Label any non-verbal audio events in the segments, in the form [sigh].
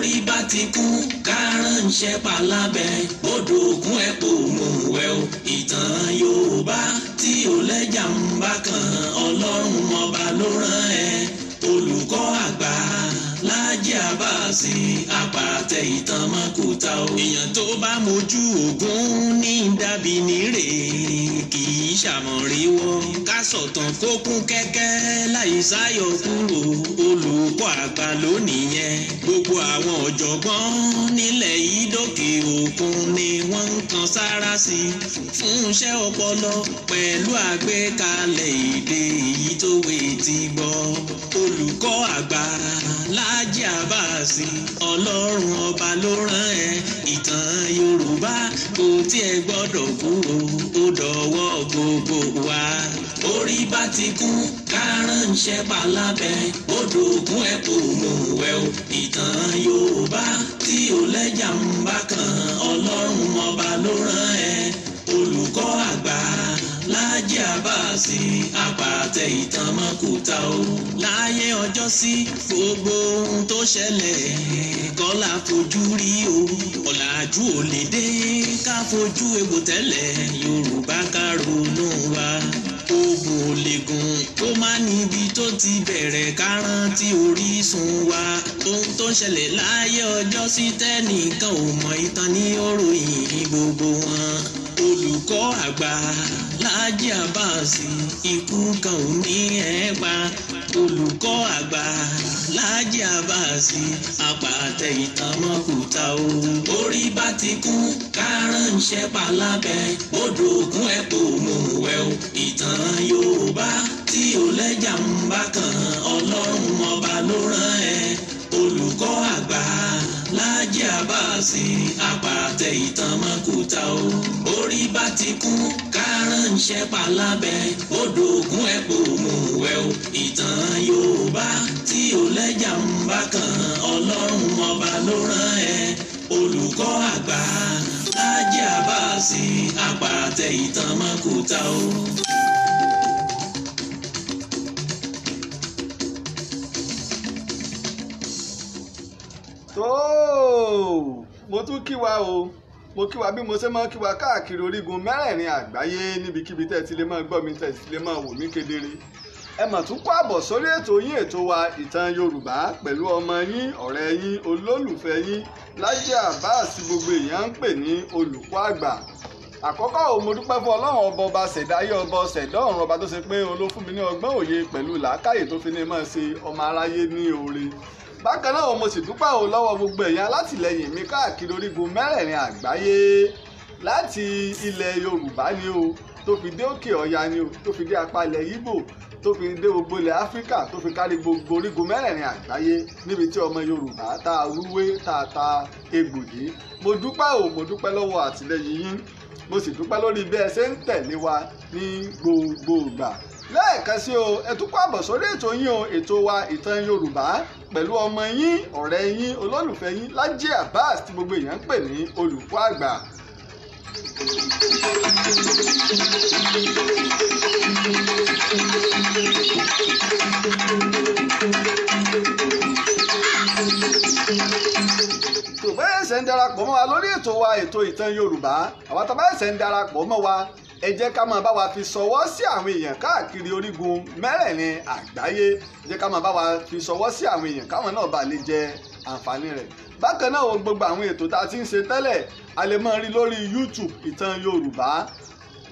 bórí bá ti kú kárànṣẹ́ palábẹ́ bódò ògùn ẹ̀ pò mú wẹ́ o ìtàn Yorùbá tí ò lẹ́jà ń bá kan Ọlọ́run ọba ló rán ẹ olùkọ́ àgbà Láàjì Àbáàsì apàtẹ ìtàn mọ́kúta o èèyàn tó bá mojú Ògún ní dàbí nírè kì í ṣàmọ̀ríwọ́ ká sọ̀tàn kó kún kẹ́kẹ́ láì sáyọ̀ kúrò olùkọ́ àgbà lónìyẹn gbogbo àwọn ọ̀jọ̀gbọ́n nílẹ̀ yìí òkun ni wọ́n ń kan sára sí i fún iṣẹ́ ọpọlọ pẹ̀lú àgbékalẹ̀ èdè èyí tó wé ti gbọ́ olùkọ́ àgbà Láàjì Àbáàsì ọlọ́run ọba ló rán ẹ ìtàn Yorùbá kò tiẹ̀ gbọ́dọ̀ kúrò ó dọ̀wọ́ lọ́wọ́ gbogbo wa. orí bá ti kú kárànṣẹ́ palábẹ́ odò òkun ẹ̀ kò mú wẹ́ o. ìtàn Yorùbá tí ò lẹ́jà ń bá kan ọlọ́run ọba ló rán ẹ olùkọ́ àgbà. Láàjì Àbáàsì àpàtẹ ìtàn mọ́kúta o. Láyé ọjọ́ sí gbogbo ohun tó ṣẹlẹ̀ kọ́lá fojú rí o. Ọ̀làjú ò lè dé ká fojú egbò tẹ́lẹ̀ Yorùbá ká ronú wa. Òbò lè gùn kó má níbi tó ti bẹ̀rẹ̀ ká rántí orísun wa. Ohun tó ń ṣẹlẹ̀ láyé ọjọ́ sí tẹ́nìkan ò mọ ìtàn ní oròyìn gbogbo wọn. Olùkọ́ àgbà láàrín alhaji abbas ikú kan ò ní ẹ pa olùkọ́ àgbà alhaji abbas apàtẹ ìtàmọ́kùtà o. orí bá ti kú kárán ń ṣẹ́pà lábẹ́ odò òkun ẹ̀ kò mú wẹ̀ o. ìtàn yorùbá tí ò ń bá kan ọlọ́run ọba ló rán ẹ. sin apàtẹ ìtàn o. orí bá ti kú kárànṣẹ́ palábẹ́ odò ògùn ẹ̀pọ̀ òmùwẹ̀ o. ìtàn Yorùbá tí ò lẹ́jà ń bá kan ọlọ́run ọba ló rán ẹ olùkọ́ àgbà Lájí Abbas apàtẹ ìtàn o. mo tún kí o mo kí wa bí mo ṣe máa kí wa káàkiri orígun mẹ́rẹ̀ẹ̀rin àgbáyé níbikíbi tẹ́ ẹ ti lè máa gbọ́ mi tẹ́ ẹ ti lè máa wò mí kedere ẹ mà tún kó àbọ̀ sórí ètò yín ètò wa ìtàn yorùbá pẹ̀lú ọmọ yín ọ̀rẹ́ yín olólùfẹ́ yín Laji Abbas gbogbo èèyàn ń pè ní olùkọ́ àgbà àkọ́kọ́ ò mo dúpẹ́ fún ọlọ́run ọba ọba ṣẹ̀dáyé ọba ṣẹ̀dá ọ̀run ọba tó ṣe pé olófún mi ní ọgbọ́n òye pẹ̀lú làákàyè tó fi ní máa ṣe ọmọ aráyé ní oore bákan náà mo sì dúpẹ́ o lọ́wọ́ gbogbo ẹ̀yin alátìlẹyìn mi káàkiri orígun mẹ́rẹ̀ẹ̀rin àgbáyé láti ilẹ̀ yorùbá ni o tó fi dé òkè ọya ni o tó fi dé apá ilẹ̀ yíbò tó fi dé gbogbo ilẹ̀ áfíríkà tó fi kárí gbogbo orígun mẹ́rẹ̀ẹ̀rin àgbáyé níbi tí ọmọ yorùbá tá a rúwé tá a ta egbò yìí mo dúpẹ́ o mo dúpẹ́ lọ́wọ́ àtìlẹyìn yín mo sì dúpẹ́ lórí bí ẹ ṣe ń tẹ̀lé wa ní gbogbo ìgbà lẹ́ẹ̀kan sí o ẹ tún kó àbọ̀ sórí ètò yín o ètò wa ìtàn yorùbá pẹ̀lú ọmọ yín ọ̀rẹ́ yín olólùfẹ́ yín Lájí Abbas tí gbogbo èèyàn ń pè ní olùkọ́ àgbà. tòbẹ́yẹsẹ̀ ń darapọ̀ mọ́ wa lórí ètò wa ètò ìtàn yorùbá àwọn tàbá ń darapọ̀ mọ́ wa ẹ jẹ́ ká máa bá wa fi ṣọwọ́ sí àwọn èèyàn káàkiri orígun mẹ́rẹ̀ẹ̀rin àgbáyé ẹ jẹ́ ká máa bá wa fi ṣọwọ́ sí àwọn èèyàn káwọn náà bá lè jẹ àǹfààní rẹ̀ bákan náà gbogbo àwọn ètò tá a ti ń ṣe tẹ́lẹ̀ a lè máa rí lórí YouTube ìtàn Yorùbá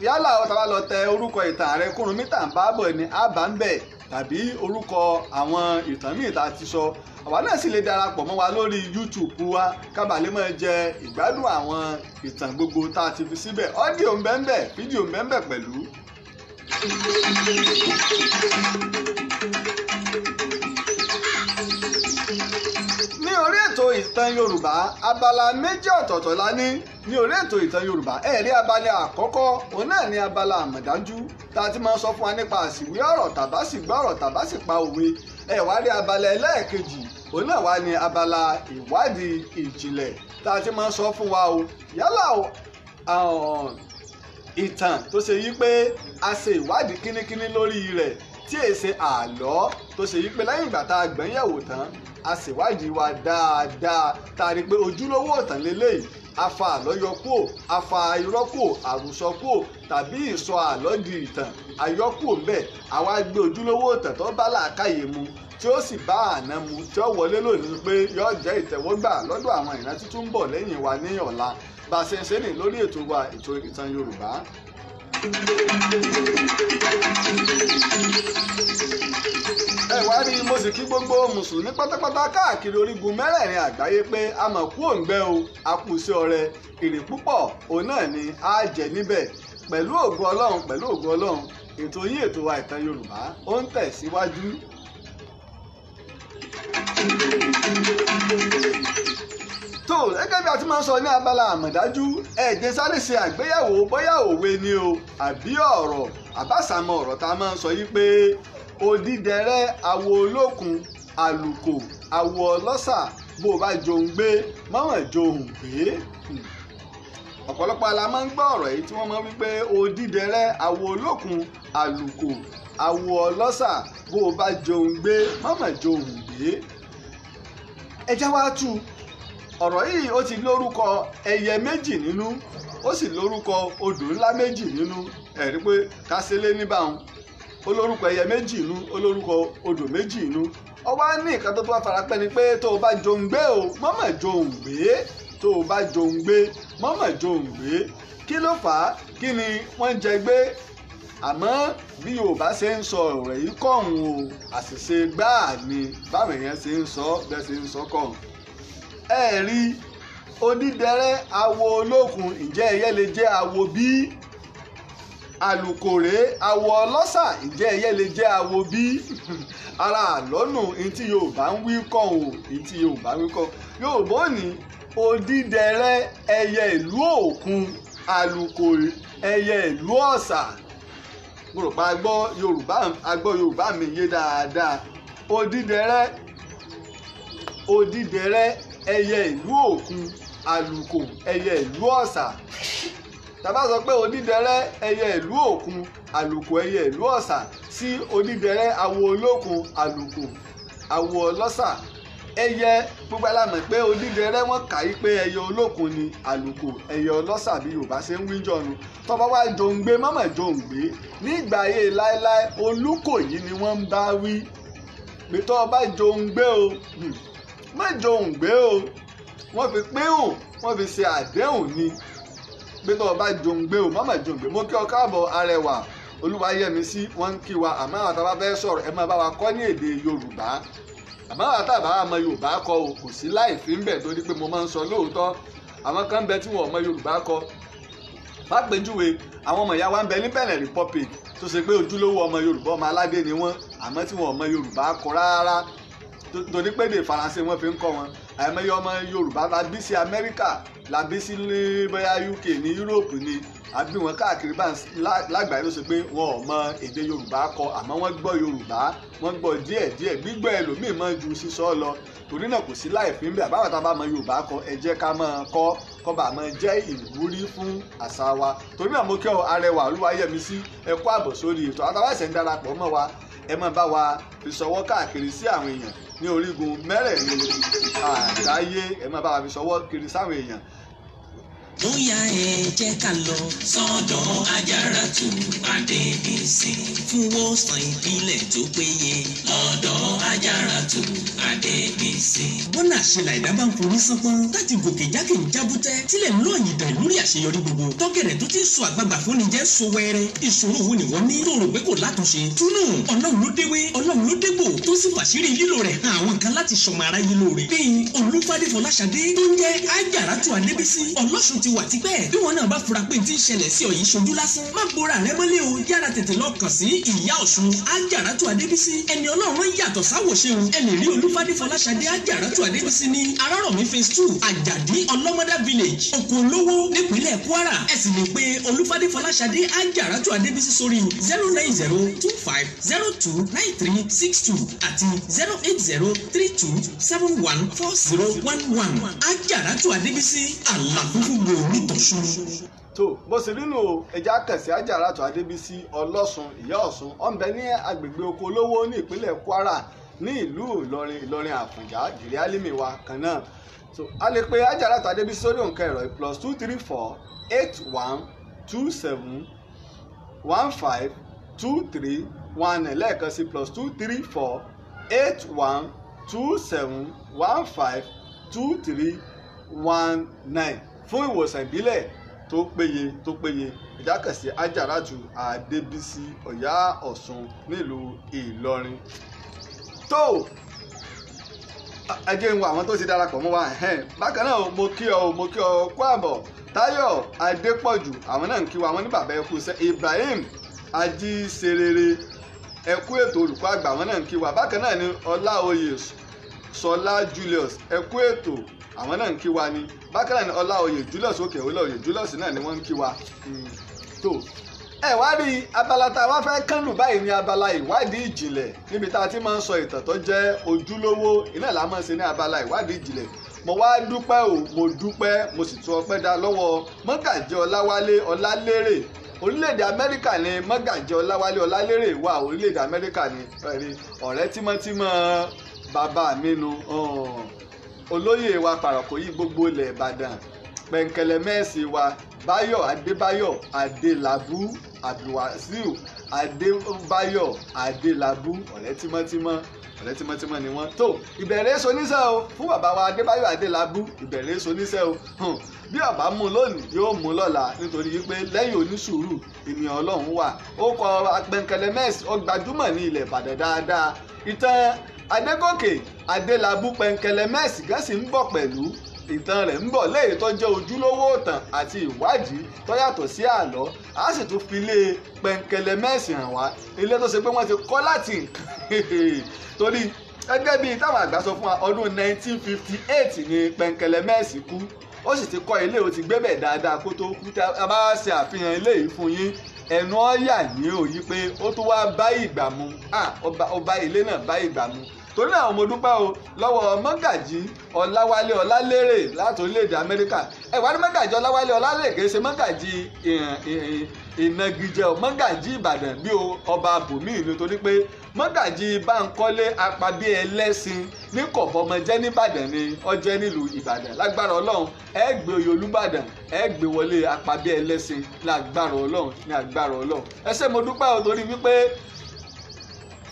yálà tá a bá lọ tẹ orúkọ ìtàn Ààrẹ Kúrunmí tá à ń bá bọ̀ ni àbá ń bẹ̀ tàbí orúkọ àwọn ìtàn míì tá a ti sọ àwa náà sì lè darapọ̀ mọ́ wa lórí YouTube wa kábàlẹ́ máa jẹ ìgbádùn àwọn ìtàn gbogbo tá a ti fi síbẹ̀ ọ́díò ń bẹ́ńbẹ̀ fídíò ń bẹ́ńbẹ̀ pẹ̀lú. ní orí ètò ìtàn Yorùbá abala méjì ọ̀tọ̀ọ̀tọ̀ la ní ní orí ètò ìtàn Yorùbá ẹ̀rí abala àkọ́kọ́ òun náà ní abala àmọ̀dájú tá a ti máa sọ fún wa nípa àsìwé ọ̀rọ̀ tàbá gbọ́ ọ̀rọ̀ tàbá pa òwe ẹ̀wárí abala ẹlẹ́ẹ̀kejì òun náà wá ní abala ìwádìí ìjìnlẹ̀ tá a ti máa ń sọ fún wa o yálà ìtàn tó ṣe yí pé a ṣe ìwádìí kínníkínní lórí rẹ̀ tí è ṣe àlọ́ tó ṣe yí pé lẹ́yìn ìgbà tá a gbẹ̀yẹ̀wò tán a ṣèwádìí wa dáadáa tá a rí i pé ojúlówó ọ̀tàn lélẹ́yìí afa àlọ́yọ afa irọ́ kúò tàbí ìsọ àlọ́ di ìtàn àyọkúò ńbẹ̀ àwa gbé ojúlówó ìtàn tó bá làákàyè mu tí ó sì bá àná mu tí ó wọlé lónìí pé yóò jẹ́ ìtẹ̀wọ́gbà lọ́dọ̀ àwọn ìrántí tó ń bọ̀ lẹ́yìn wa ní ọ̀la bá ní lórí ètò wa ètò ìtàn Yorùbá ẹ wá rí mo sì kí gbogbo mùsùlùmí pátápátá káàkiri orígun mẹ́rẹ̀ẹ̀rin àgbáyé pé a mọ̀ kú òǹgbẹ́ o a kù sí ọrẹ èrè púpọ̀ òun náà ni a jẹ níbẹ̀ pẹ̀lú ògo ọlọ́run pẹ̀lú ògo ọlọ́run ètò yín ètò wa ìtàn yorùbá ó ń tẹ̀síwájú tó gẹ́gẹ́ bí a ti máa ń sọ ní abala àmọ̀dájú ẹ̀jẹ̀ sáré ṣe àgbéyẹ̀wò bóyá òwe ni o àbí ọ̀rọ̀ àbáṣàmọ̀ ọ̀rọ̀ tá a máa ń sọ yìí pé odídẹrẹ́ awo olókun àlùkò awo ọlọ́ṣà bó o bá jòun gbé mọ́wọ̀n jòun gbé hmm. ọ̀pọ̀lọpọ̀ la máa ń gbọ́ ọ̀rọ̀ yìí tí wọ́n máa ń wípé odídẹrẹ́ awo olókun àlùkò awo ọlọ́ṣà bó o bá jòun gbé mọ́wọ̀n jòun gbé ẹja ọ̀rọ̀ yìí ó ti lórúkọ ẹyẹ méjì nínú ó sì lórúkọ odò ńlá méjì nínú ẹ̀rí pé kásílẹ̀ níbàwọn ó lórúkọ ẹyẹ méjì inú ó lórúkọ odò méjì inú ó wá ní nǹkan tó tó wá farapẹ́ ni pé tó o bá jòǹgbé o mọ́mọ́ jòǹgbé tó o bá jòǹgbé mọ́mọ́ jòǹgbé kí ló fà á kí ni wọ́n jẹ gbé àmọ́ bí yorùbá ṣe ń sọ ọ̀rọ̀ yìí kọ̀ọ̀hún o àṣìṣe gbáà ni báwọn èèyàn ṣe ń sọ bẹ́ẹ̀ ṣe ń sọ kọ̀ọ̀hún ẹ rí onídẹrẹ́ awo olókun ǹjẹ́ ẹyẹ lè jẹ́ awo bí alùkòrè awo ọlọ́sà ǹjẹ́ ẹyẹ lè jẹ́ awo bí [laughs] ara àlọ́nù ntí yorùbá ń wí kàn o ntí yorùbá ń wí kàn yorùbá ò ní odídẹrẹ́ ẹyẹ ìlú òkun alùkòrè ẹyẹ ìlú ọ̀sà mo rò pé agbọ́ yorùbá agbọ́ yorùbá mi yé dáadáa odídẹrẹ́ odídẹrẹ́ ẹyẹ ìlú òkun àlùkò ẹyẹ ìlú ọ̀sà tàbá sọ pé onídẹrẹ ẹyẹ ìlú òkun àlùkò ẹyẹ ìlú ọ̀sà sí onídẹrẹ awo olókun àlùkò awo ọlọ́sà ẹyẹ gbogbo alámọ̀ pé onídẹrẹ wọn kà í pé ẹyẹ olókun ni àlùkò ẹyẹ ọlọ́sà bí yorùbá ṣe ń wíjọ nu tọ́ba wá jòǹgbé mọ́mọ́ jòǹgbé nígbà ayé láéláé olúkòyí ni wọ́n ń bá wí pé tọ́ ọba jòǹgbé o. Hmm mẹ́jọ òǹgbẹ o wọ́n fi pín hùn wọ́n fi ṣe àdéhùn ni pé tó o bá jòǹgbẹ o má má jòǹgbẹ mo kí ọ káàbọ̀ arẹwà olúwayẹmísí wọ́n ń kí wa àmọ́ àwọn àtàwọn fẹ́ sọ̀rọ̀ ẹ máa bá wa kọ́ ní èdè yorùbá àmọ́ àwọn àtàwọn àmọ́ yorùbá kọ o kò sí láì fi ń bẹ̀ torí pé mo máa ń sọ lóòótọ́ àwọn kan bẹ tí wọn ò mọ yorùbá kọ lápèjúwe àwọn ọmọ ìyá wa ń bẹ ní Benin Republic tó ṣe pé ojúlówó ọmọ yorùbá ọmọ aládé ni wọn àmọ́ tí wọn ò yorùbá kọ rárá torí pé èdè faransé wọn fi ń kọ́ wọn àìmọye ọmọ yorùbá la bí sí amẹ́ríkà la bí sí bóyá uk ní yúróòpù ni àbí wọn káàkiri bá lágbàáyé ló ṣe pé wọn ò mọ èdè yorùbá kọ àmọ́ wọ́n gbọ́ yorùbá wọ́n gbọ́ díẹ̀ díẹ̀ gbígbọ́ ẹlòmíì mọ́ ju sísọ lọ torí náà kò sí láì fi ń bẹ àbáwọn tá a bá mọ yorùbá kọ ẹ jẹ́ ká máa kọ́ kọba àmọ́ jẹ́ ìwúrí fún àṣà wa torí náà mo kí ọ arẹwà olúwayẹmísí ẹ kú àbọ̀ sórí ètò àtàwọn ẹ̀sẹ̀ ń darapọ̀ mọ́ wa ẹ máa bá wa fi ṣọwọ́ káàkiri sí àwọn èèyàn ní orígun mẹ́rẹ̀ẹ̀rin àgbáyé ẹ máa bá wa fi ṣọwọ́ kiri sáwọn èèyàn bóyá ẹ jẹ́ ká lọ sọ́dọ̀ Ajaratu Adébísí fún wòsàn ìbílẹ̀ tó péye lọ́dọ̀ Ajaratu Adébísí. bọ́nà àṣelà ẹ̀dá bá ń forí sánpọ́n láti gòkè jákè ń jábútẹ́ tílẹ̀ ń lọ ìdàn lórí àṣeyọrí gbogbo tọ́gẹ̀rẹ̀ tó ti sọ àgbààgbà fúnni jẹ́ so wẹ́rẹ́ ìṣòro wo ni wọ́n ní tó rò pé kò látúnṣe túnú ọlọ́run ló déwé ọlọ́run ló dégbò tó sì fàṣírí lílo rẹ̀ hàn àwọn kan láti ṣọmọ aráyé lóore bíi olúfadé fọláṣadé tó ń jẹ́ Ajaratu Adébísí ọlọ́sùn ti wà tipẹ́ bí wọn náà bá fura pé ti ń ṣẹlẹ̀ sí ọ yìí ṣojú lásán má bora rẹ mọ́lẹ̀ o yára tètè lọ kàn sí ìyá ọ̀ṣun ajaratu adébísí ẹni ọlọ́run yàtọ̀ sáwòṣe o ẹni rí olúfádé fọláṣadé ajaratu adébísí ní arárọ̀mí phase two àjàdí ọlọ́mọdá village okunlówó nípínlẹ̀ kwara ẹ sì lè pe olúfádé fọláṣadé ajaratu adébísí sórí zero nine zero two five zero two nine three six two àti zero eight zero three two seven one four zero one one ajaratu adébísí àlàkùkù gbòò òní tọ̀sùn. tó bó ṣe nínú ẹja kẹsì ajaratu adébísí ọlọ́sùn ìyá ọ̀sùn ọ̀nbẹ ní agbègbè oko olówó ní ìpínlẹ̀ kwara ní ìlú ìlọrin ìlọrin àfọ̀njá jìrì álímì wa kan náà so a lè pe ajaratu adébísí sórí òǹkà ẹ̀rọ plus two three four eight one two seven one five two three one lẹ́ẹ̀kan sí plus two three four eight one two seven one five two three one nine fún ìwòsàn ìbílẹ̀ tó péye tó péye ìdákẹ̀sí ajaratu adébísí ọ̀yá ọ̀sùn nílùú ìlọrin. tó ẹ jẹ́ ń wo àwọn tó ti darapọ̀ mọ́ wa bákan náà mo kí ọ mo kí ọ kú àbọ̀ táyọ̀ adépọ̀jù àwọn náà ń kí wa wọn ní bàbá ẹkú sẹ́ ibrahim ajíserere ẹkú ètò olùkọ́ àgbà wọn náà ń kí wa bákan náà ni ọláoyè sọlá julius ẹkú ètò àwọn náà ń kí wa ni bákan náà ọláoyè julius òkè ọláoyè julius náà ni wọ́n ń kí wa hmm. tó ẹ wá rí abala tá a wá fẹ́ kánlù báyìí ní abala ìwádìí ìjìnlẹ̀ níbi tá a ti máa ń sọ ìtàn tó jẹ́ ojúlówó iná là máa ń ṣe ní abala ìwádìí ìjìnlẹ̀ mo wá dúpẹ́ o mo dúpẹ́ mo sì tún ọpẹ́ dá lọ́wọ́ mọ́gàjì ọláwálé ọlálérè orílẹ̀-èdè amẹ́ríkà ni mọ́gàjì ọláwálé ọlálérè wà orílẹ̀-èdè amẹ́ríkà ni ọ̀rẹ́ tímọ́tímọ́ bàbá mi nu. Oh olóyè wa pàrọ̀kọ́ yìí gbogbo ilẹ̀ ìbàdàn pẹ̀ǹkẹ̀lẹ̀ mẹ́ẹ̀sì wa báyọ̀ adébáyọ̀ adélabú abdulwasiu adébáyọ̀ adélabú ọ̀rẹ́ tímọ́tímọ́ ọ̀rẹ́ tímọ́tímọ́ ni wọ́n tó ìbẹ̀rẹ̀ soníṣẹ́ o fún bàbá wa adébáyọ̀ adélabú ìbẹ̀rẹ̀ soníṣẹ́ o bí ọba mú lónìí yóò mú lọ́la nítorí wípé lẹ́yìn onísùúrù ènìyàn ọlọ́run wà ó kọ pẹ̀ǹkẹ̀lẹ̀ mẹ́ẹ̀sì ó gbajúmọ̀ ní ilẹ̀ ìbàdàn dáadáa ìtàn adégòkè adélabú pẹnkẹlẹ mẹ́ẹ̀sì gan sì ń bọ̀ pẹ̀lú ìtàn rẹ̀ ń bọ̀ léyìí tó jẹ́ ojúlówó ìtàn àti ìwádìí tó yàtọ̀ sí àlọ́ a sì tún fi ilé pẹnkẹlẹ mẹ́ẹ̀sì hàn wá ilé tó ṣe pé wọ́n ti kọ́ láti [laughs] torí gẹ́gẹ́ bíi táwọn àgbà sọ fún wa ọdún 1958 ni pẹ̀ǹkẹ̀lẹ̀ mẹ́ẹ̀sì kú ó sì ti kọ́ ilé ó ti gbébẹ̀ dáadáa kó tó kú tá a bá ṣe àfihàn ilé yìí fún yín ẹnu ọ̀yà yìí ò yí pé ó tún wá bá ìgbà mu ó ilé náà bá ìgbà mu torí náà mo dúpẹ́ o lọ́wọ́ mọ́gàjì ọláwálé ọlálérè láti orílẹ̀-èdè amẹ́ríkà ẹ̀wá ní mọ́gàjì ọláwálé ọlálérè kì í ṣe mọ́gàjì ìnagijẹ mọ́gàjì ìbàdàn bí ọba bùnmí ìlú torí pé mọ́gàjì báńkọ́lé apabí ẹlẹ́sìn ní kọ̀fọ́mọjẹ́ nìbàdàn ni ọjẹ́ nílùú ìbàdàn lágbára ọlọ́run ẹ gbé oyè olúbàdàn ẹ gbé wọlé apabí ẹlẹ́sìn lágbára ọlọ́run ní agbára ọlọ́run ẹ ṣé mo dúpẹ́ o torí wípé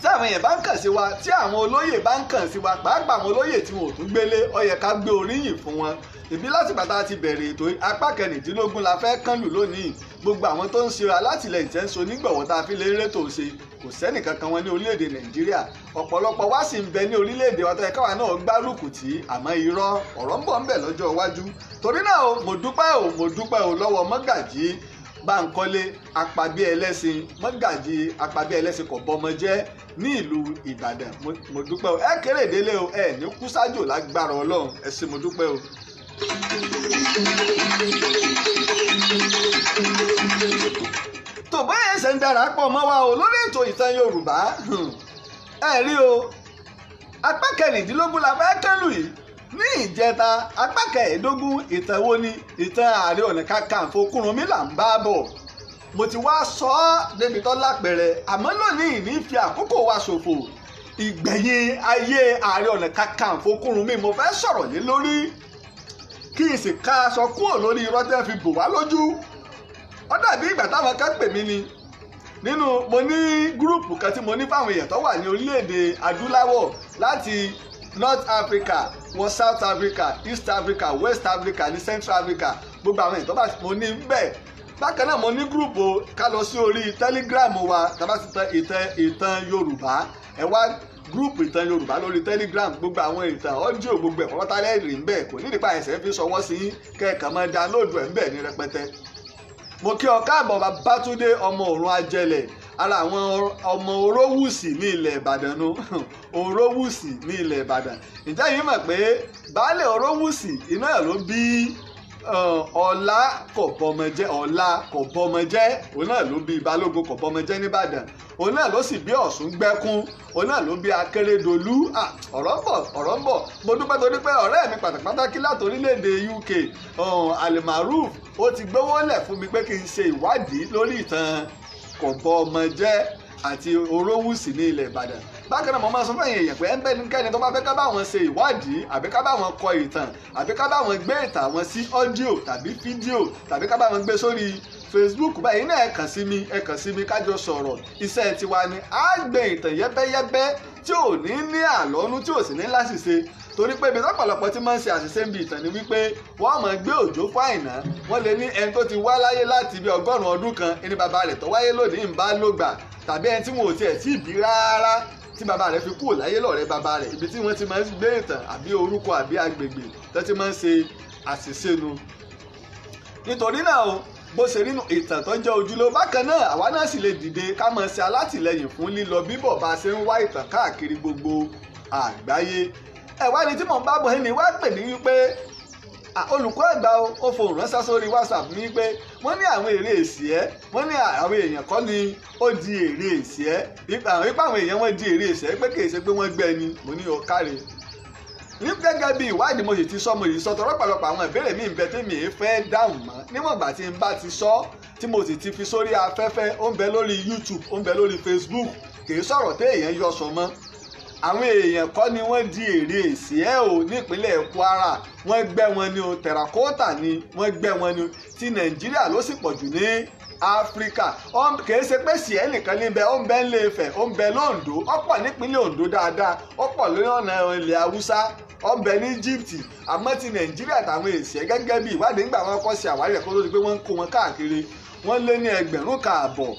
tí àwọn èèyàn bá ń kàn sí wa tí àwọn olóyè bá ń kàn sí wa pàápàá àwọn olóyè tí wọn ò tún gbélé ó yẹ ká gbé oríyìn fún wọn ìbí láti bàtà ti bẹ̀rẹ̀ ètò apá kẹrìndínlógún la fẹ́ kánlù lónìí gbogbo àwọn tó ń ṣe alátìlẹyìn tẹ́ ń so nígbọ̀wọ́ tá a fi lè rétò ṣe kò sẹ́nì kankan wọn ní orílẹ̀-èdè nàìjíríà ọ̀pọ̀lọpọ̀ wá sì ń bẹ ní orílẹ̀-èdè ọ̀tọ̀ ẹ̀ka wa náà gbárùkù tí àmọ́ irọ́ ọ̀rọ̀ ń bọ̀ ń bẹ̀ lọ́jọ́ iwájú torí náà mo dúpẹ́ o mo dúpẹ́ o lọ́wọ́ mọ́gàjì Bánkọ́lé apàbí ẹlẹ́sìn mọ́gàjì apàbí ẹlẹ́sìn kò bọ́mọ jẹ́ ní ìlú Ìbàdàn mo dúpẹ́ o ẹ kéré ìdílé o ẹ ní kú sájò lágbára Ọlọ́run ẹ ṣé mo dúpẹ́ o. tòbóyè ṣe ń darapọ̀ mọ́ wa o lórí ètò ìtàn Yorùbá ẹ rí o apá kẹrìndínlógún la fẹ́ kẹ́lù yìí ní ìjẹta apá kẹẹ̀ẹ́dógún ìtàn wo ni ìtàn ààrẹ ọ̀nà kakanfò Kúrúnmí là ń bá bọ̀ mo ti wá sọ ọ́ débi tó lápẹ̀rẹ̀ àmọ́ lónìí ní fi àkókò wa ṣòfò ìgbẹ̀yìn ayé ààrẹ ọ̀nà kakanfò Kúrúnmí mo fẹ́ sọ̀rọ̀ lé lórí kí n sì ká aṣọ kúrò lórí irọ́ tẹ́ fi bò wá lójú ó dàbí ìgbà táwọn kan pè mí ni nínú mo ní gúrùpù kan tí mo ní fáwọn èèyàn tó wà ní orílẹ̀-èdè adúláwọ̀ láti north africa wọn south africa east africa west africa ní central africa gbogbo àwọn ìtọ́ bá mo ní bẹ́ẹ̀ bákan náà mo ní gúrùpù ká lọ sí orí telegram wa tàbá sí ìtàn ìtàn yorùbá ẹ wá gúrùpù ìtàn yorùbá lórí telegram gbogbo àwọn ìtàn ọdíò gbogbo ẹ̀kọ́ pátálẹ́ rí ń bẹ̀ kò ní nípa ẹ̀sẹ̀ fi sọwọ́ sí kẹ́ẹ̀kan máa dáńlóòdù ẹ̀ ń bẹ̀ ní rẹpẹtẹ. mo kí ọ káàbọ̀ Babátúndé ọmọ òrùn ajẹlẹ̀ ara àwọn ọmọ Orówùsì ní ilẹ̀ Ìbàdàn nu [laughs] Orówùsì ní ilẹ̀ Ìbàdàn ǹjẹ́ yìí mọ̀ pé baálé Orówùsì iná ẹ̀ ló bí uh, ọlá kọ̀bọmọjẹ ọlá kọ̀bọmọjẹ òun náà ló bí balógun kọ̀bọmọjẹ nìbàdàn òun náà ló sì bí ọ̀sùn gbẹ́kún òun náà ló bí akérèdọ́lù ọ̀rọ̀ ń bọ̀ ọ̀rọ̀ ń bọ̀ mo dúpẹ́ torí pé ọ̀rẹ́ mi pàtàkì láti orílẹ̀-èdè UK uh, Almaroof ó ti gbówó lẹ̀ fún mi pé kí n ṣe ìwádìí lórí ìtàn kọ̀bọ ọmọ jẹ́ àti orówùsì ní ilẹ̀ ìbàdàn bákan náà mo máa sọ fún ẹ̀yin èèyàn pé ẹ̀ ń bẹ́ni kẹ́ni tó bá fẹ́ ká bá wọn ṣe ìwádìí àbí ká bá wọn kọ ìtàn àbí ká bá wọn gbé ìtàn wọn sí ọ́díò tàbí fídíò tàbí ká bá wọn gbé sórí facebook báyìí náà ẹ kàn sí mi ẹ kàn sí mi kájọ sọ̀rọ̀ iṣẹ́ tiwa ni á gbé ìtàn yẹ́bẹ́yẹ́bẹ́ tí ò ní ní àlọ́nú tí ò sì ní láṣìṣe torí pé ibi tọ́pọ̀lọpọ̀ tí máa ń ṣe àṣìṣe ń bi ìtàn ni wípé wọ́n máa gbé òjò fún àìná wọ́n lè ní ẹni tó ti wá láyé láti bí ọgọ́rùn-ún ọdún kan ẹni bàbá rẹ̀ tó wáyé lónìí ń bá lògbà tàbí ẹni tí wọn ò tiẹ̀ tí ì bí rárá tí bàbá rẹ̀ fi kúrò láyé lọ́rẹ́ bàbá rẹ̀ ibi tí wọ́n ti máa ń gbé ìtàn àbí orúkọ àbí agbègbè tó ti máa ń ṣe àṣìṣe nu nítorí náà o bó ṣe rí ìtàn tó jẹ́ ojúlówó bákan náà àwa náà sì lè dìde ká máa ṣe alátìlẹyìn fún lílọ bíbọ̀ bá a ṣe ń wá ìtàn káàkiri gbogbo àgbáyé ẹ̀wá ni tí mò ń bá bọ̀ ẹni wá pè mí wípé olùkọ́ àgbà ó fohùn ránṣẹ́ sórí whatsapp mi pé wọ́n ní àwọn èrè èsì ẹ́ wọ́n ní àwọn èèyàn kọ́ ni ó di èrè èsì ẹ́ ipa àwọn èèyàn wọ́n di èrè èsì ẹ́ pé kì í ṣe pé wọ́n gbẹ ni mo ní o káre ní gẹ́gẹ́ bí ìwádìí mo sì ti sọ mo sì sọ tọrọ pàlọpọ̀ àwọn ìbéèrè mi ìbẹ tí mi ì fẹ́ dáhùn mọ́ níwọ̀n ìgbà tí n bá ti sọ tí mo sì ti fi sórí afẹ́fẹ́ ó ń bẹ lórí YouTube ó ń bẹ lórí Facebook kì í sọ̀rọ̀ téèyàn yọ sọ mọ́ àwọn èèyàn kọ́ ni wọ́n di èrè èsì ẹ̀ o nípínlẹ̀ Kwara wọ́n gbẹ́ wọn ni o tẹ̀rakọ́tà ni wọ́n gbẹ́ wọn ni o ti Nàìjíríà ló sì pọ̀ jù ní áfíríkà kìí ṣe pé ṣìẹ́ nìkan níbẹ̀ ó ń bẹ ńlẹ̀ Ifẹ̀ ó ń bẹ lóńdó ọ̀pọ̀ nípínlẹ̀ Oǹdó dáadáa ọ̀pọ̀ lórí ọ̀nà ilẹ̀ haúsá ó ń bẹ ní Egypt àmọ́ ti nàìjíríà àtàwọn èsìẹ́ gẹ́gẹ́ bí ìwádìí ńgbà wọn kọ́ sí àwárí ẹ̀kọ́ lórí pé wọ́n ń kó wọn káàkiri wọ́n lé ní ẹgbẹ̀rún kààbọ̀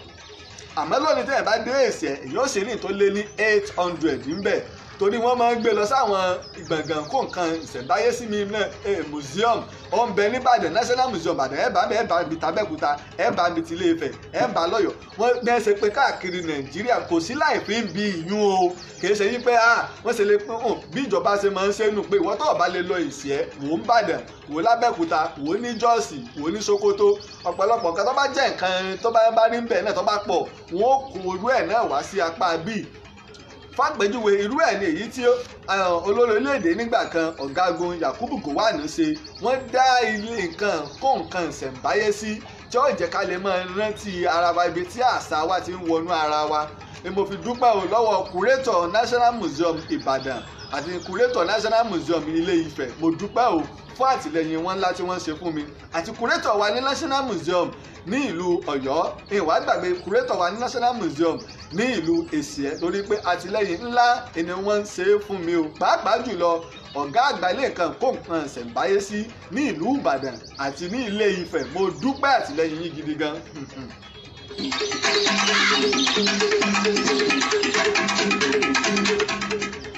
àmọ́ lónìí tẹ̀yìn bá dé èsì ẹ̀ èyí ó sì ní tó ní eight hundred ńbẹ̀ torí wọ́n máa ń gbé lọ sáwọn gbọ̀ngàn kó nǹkan ìṣẹ̀dáyé sí mi museum ó ń bẹ nìbàdàn national museum ìbàdàn ẹ̀ bá mi ẹ̀ bá mi tàbẹ́kúta ẹ̀ bá mi tilé Ifẹ̀ ẹ̀ bá lọ́yọ̀ wọ́n bẹ́ẹ̀ ṣe pé káàkiri nàìjíríà kò sí láì fi ń bi ìyún o kì í ṣe yí pé ah wọ́n ṣe lè pín hàn bí ìjọba ṣe máa ń ṣẹ́nu pé ìwọ́n tó ọ̀bá lè lọ ìsì ẹ̀ wò ń bàdàn wò lábẹ́kúta wò ní jọ́ọ̀sì wò ní sokoto ọ̀pọ̀lọpọ̀ nǹkan tó bá jẹ́ nǹkan tó bá rí ń bẹ̀ náà tó bá pọ̀ wọ́n kò irú ẹ̀ náà wá sí apá bíi fàpèjúwe irú ẹ̀ ni èyí tí olórí orílẹ̀-èdè nígbà kan ọ̀gágun Yakubu Gowon ṣe wọ́n dá ilé nǹkan kó nǹkan ìṣẹ̀ǹbáyé sí tí ó jẹ́ ká lè máa rántí ara wa ibi tí àṣà wa ti ń wọnú ara wa ni dúpẹ́ o lọ́wọ́ kúrétọ̀ National Museum Ìbàdàn àti kúrétọ̀ National Museum Ilé Ifẹ̀ mo dúpẹ́ o fún àtìlẹyìn wọn ńlá tí wọ́n ṣe fún mi àti kúrétọ̀ wa ní National Museum ní ìlú ọ̀yọ́ ìwà gbàgbé kúrẹ́tọ̀ wa ní national museum ní ìlú èsìẹ́ torí pé àtìlẹ́yìn ńlá ni wọ́n ń ṣe é fún mi o pàápàá jùlọ ọ̀gá àgbà ilé kan kó nǹkan ṣẹ̀ǹbáyé sí ní ìlú ìbàdàn àti ní ilé ifẹ̀ mo dúpẹ́ àtìlẹ́yìn yín gidi gan.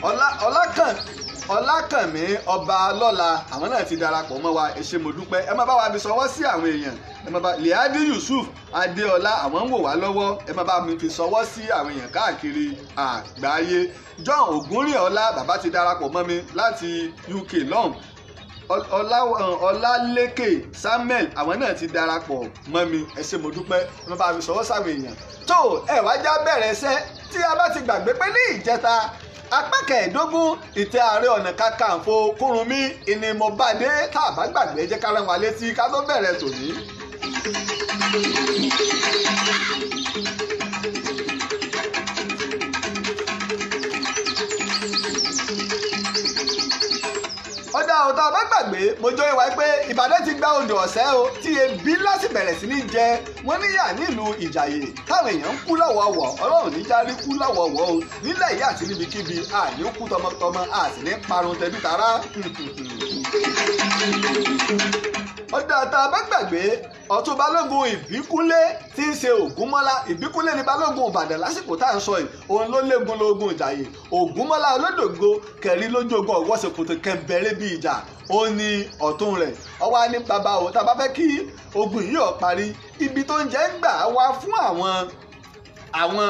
ọlá ọlá kan ọlákànmí ọba lọ́la àwọn náà ti darapọ̀ mọ́ wa ẹ ṣé mo dúpẹ́ ẹ má bá wa fi sọwọ́ sí àwọn èèyàn ẹ má bá liadi yusuf adéọlá àwọn ń wò wá lọ́wọ́ ẹ má bá mi fi sọwọ́ sí àwọn èèyàn káàkiri àgbáyé john ògúnrìnọlá bàbá ti darapọ̀ mọ́ mi láti uk lọ́hùn ọlálékè samuel àwọn náà ti darapọ̀ mọ́ mi ẹ ṣé mo dúpẹ́ ẹ má bá mi sọwọ́ sáwọn èèyàn tó ẹ wá já bẹ̀rẹ̀ iṣẹ́ tí a bá ti gbàgbé pé ní ìjẹta apá kẹẹ̀ẹ́dógún ìtẹ́ ààrẹ ọ̀nà kakanfò kúrúnmí ìní mo bá dé tá a bá gbàgbé jẹ́ ká rán wa létí ká tó bẹ̀rẹ̀ tòní. ó dá ọ̀tá ọba gbàgbé mo jọ ìwà pé ìbàdàn ti gba odò ọ̀sẹ́ o tí ebi ńlá sì bẹ̀rẹ̀ sí ní jẹ wọ́n níyà nílùú ìjàyè táwọn èèyàn ń kú lọ́wọ́wọ́ ọlọ́run níjà rí kú lọ́wọ́wọ́ o nílẹ̀ yìí àti níbikíbi àní kú tọmọtọmọ àti ní parun tẹbí tará ọdún àtà abágbàgbé ọ̀tún balógun ìbíkúnlé tí ń ṣe ògúnmọ́lá ìbíkúnlé ni balógun ìbàdàn lásìkò tá à ń sọ yìí òun ló légun lógun ìjàyè ògúnmọ́lá olódògo kẹrí lójú ogun ọ̀wọ́sẹ̀kùtù kẹbẹ̀rẹ̀ bíi ìjà ó ní ọ̀tún rẹ̀ ọwọ́ ní bàbá o tá a bá fẹ́ kí ogun yìí ó parí ibi tó ń jẹ́ ń gbà wá fún àwọn àwọn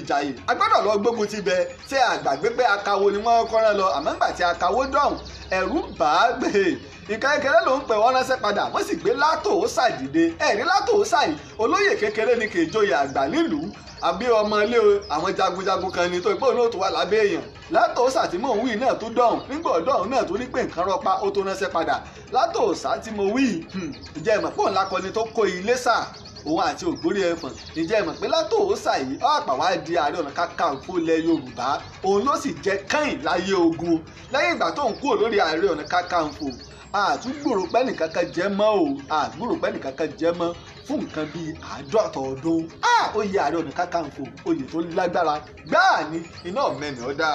ìjàyè a gbọ́dọ̀ lọ gbógun ti bẹ ṣé àgbàgbé pé akawo ni wọ́n kọ́rán lọ àmọ́ ńgbà tí akawo dọ̀hún ẹ̀rú bàá gbé ìka kékeré ló ń pè wọ́n ránṣẹ́ padà wọ́n sì gbé látò ó ṣàdìde ẹ̀rí látò ó ṣàyí olóyè kékeré ni kì í joyè àgbà nílùú àbí ọmọ ilé àwọn jagunjagun kan ni tó ìpò náà tó wà lábẹ́ èèyàn látò ó ṣàtìmọ̀ òun yìí náà tó dọ̀hún nígbà ọ̀dọ́hún náà tó rí pé nǹkan rọpa ó tó ránṣẹ́ padà látò ó ṣàtìmọ̀ wí hmm, ǹjẹ́ ìmọ̀ pọ̀ ńlá kọ́ni tó kó ilé sà òun àti ògbórí ẹfọn ǹjẹ́ ìmọ̀ pé látò ó ọ̀pá wá di ààrẹ ọ̀nà kakanfò lẹ̀ yorùbá òun ló sì jẹ́ kẹ́yìn láyé ogun lẹ́yìn ìgbà tó ń kúrò lórí ààrẹ ọ̀nà kakanfò àtúgbòrò pẹ́ẹ́nì kankan jẹ́ mọ́ o àtúgbòrò pẹ́ẹ́nì kankan jẹ́ mọ́ fún nǹkan bíi àádọ́ta ọdún oyè Ààrẹ Ọ̀nà Kakanfò oyè tó lágbára gbáà ni iná mẹ́rin ọ̀dà.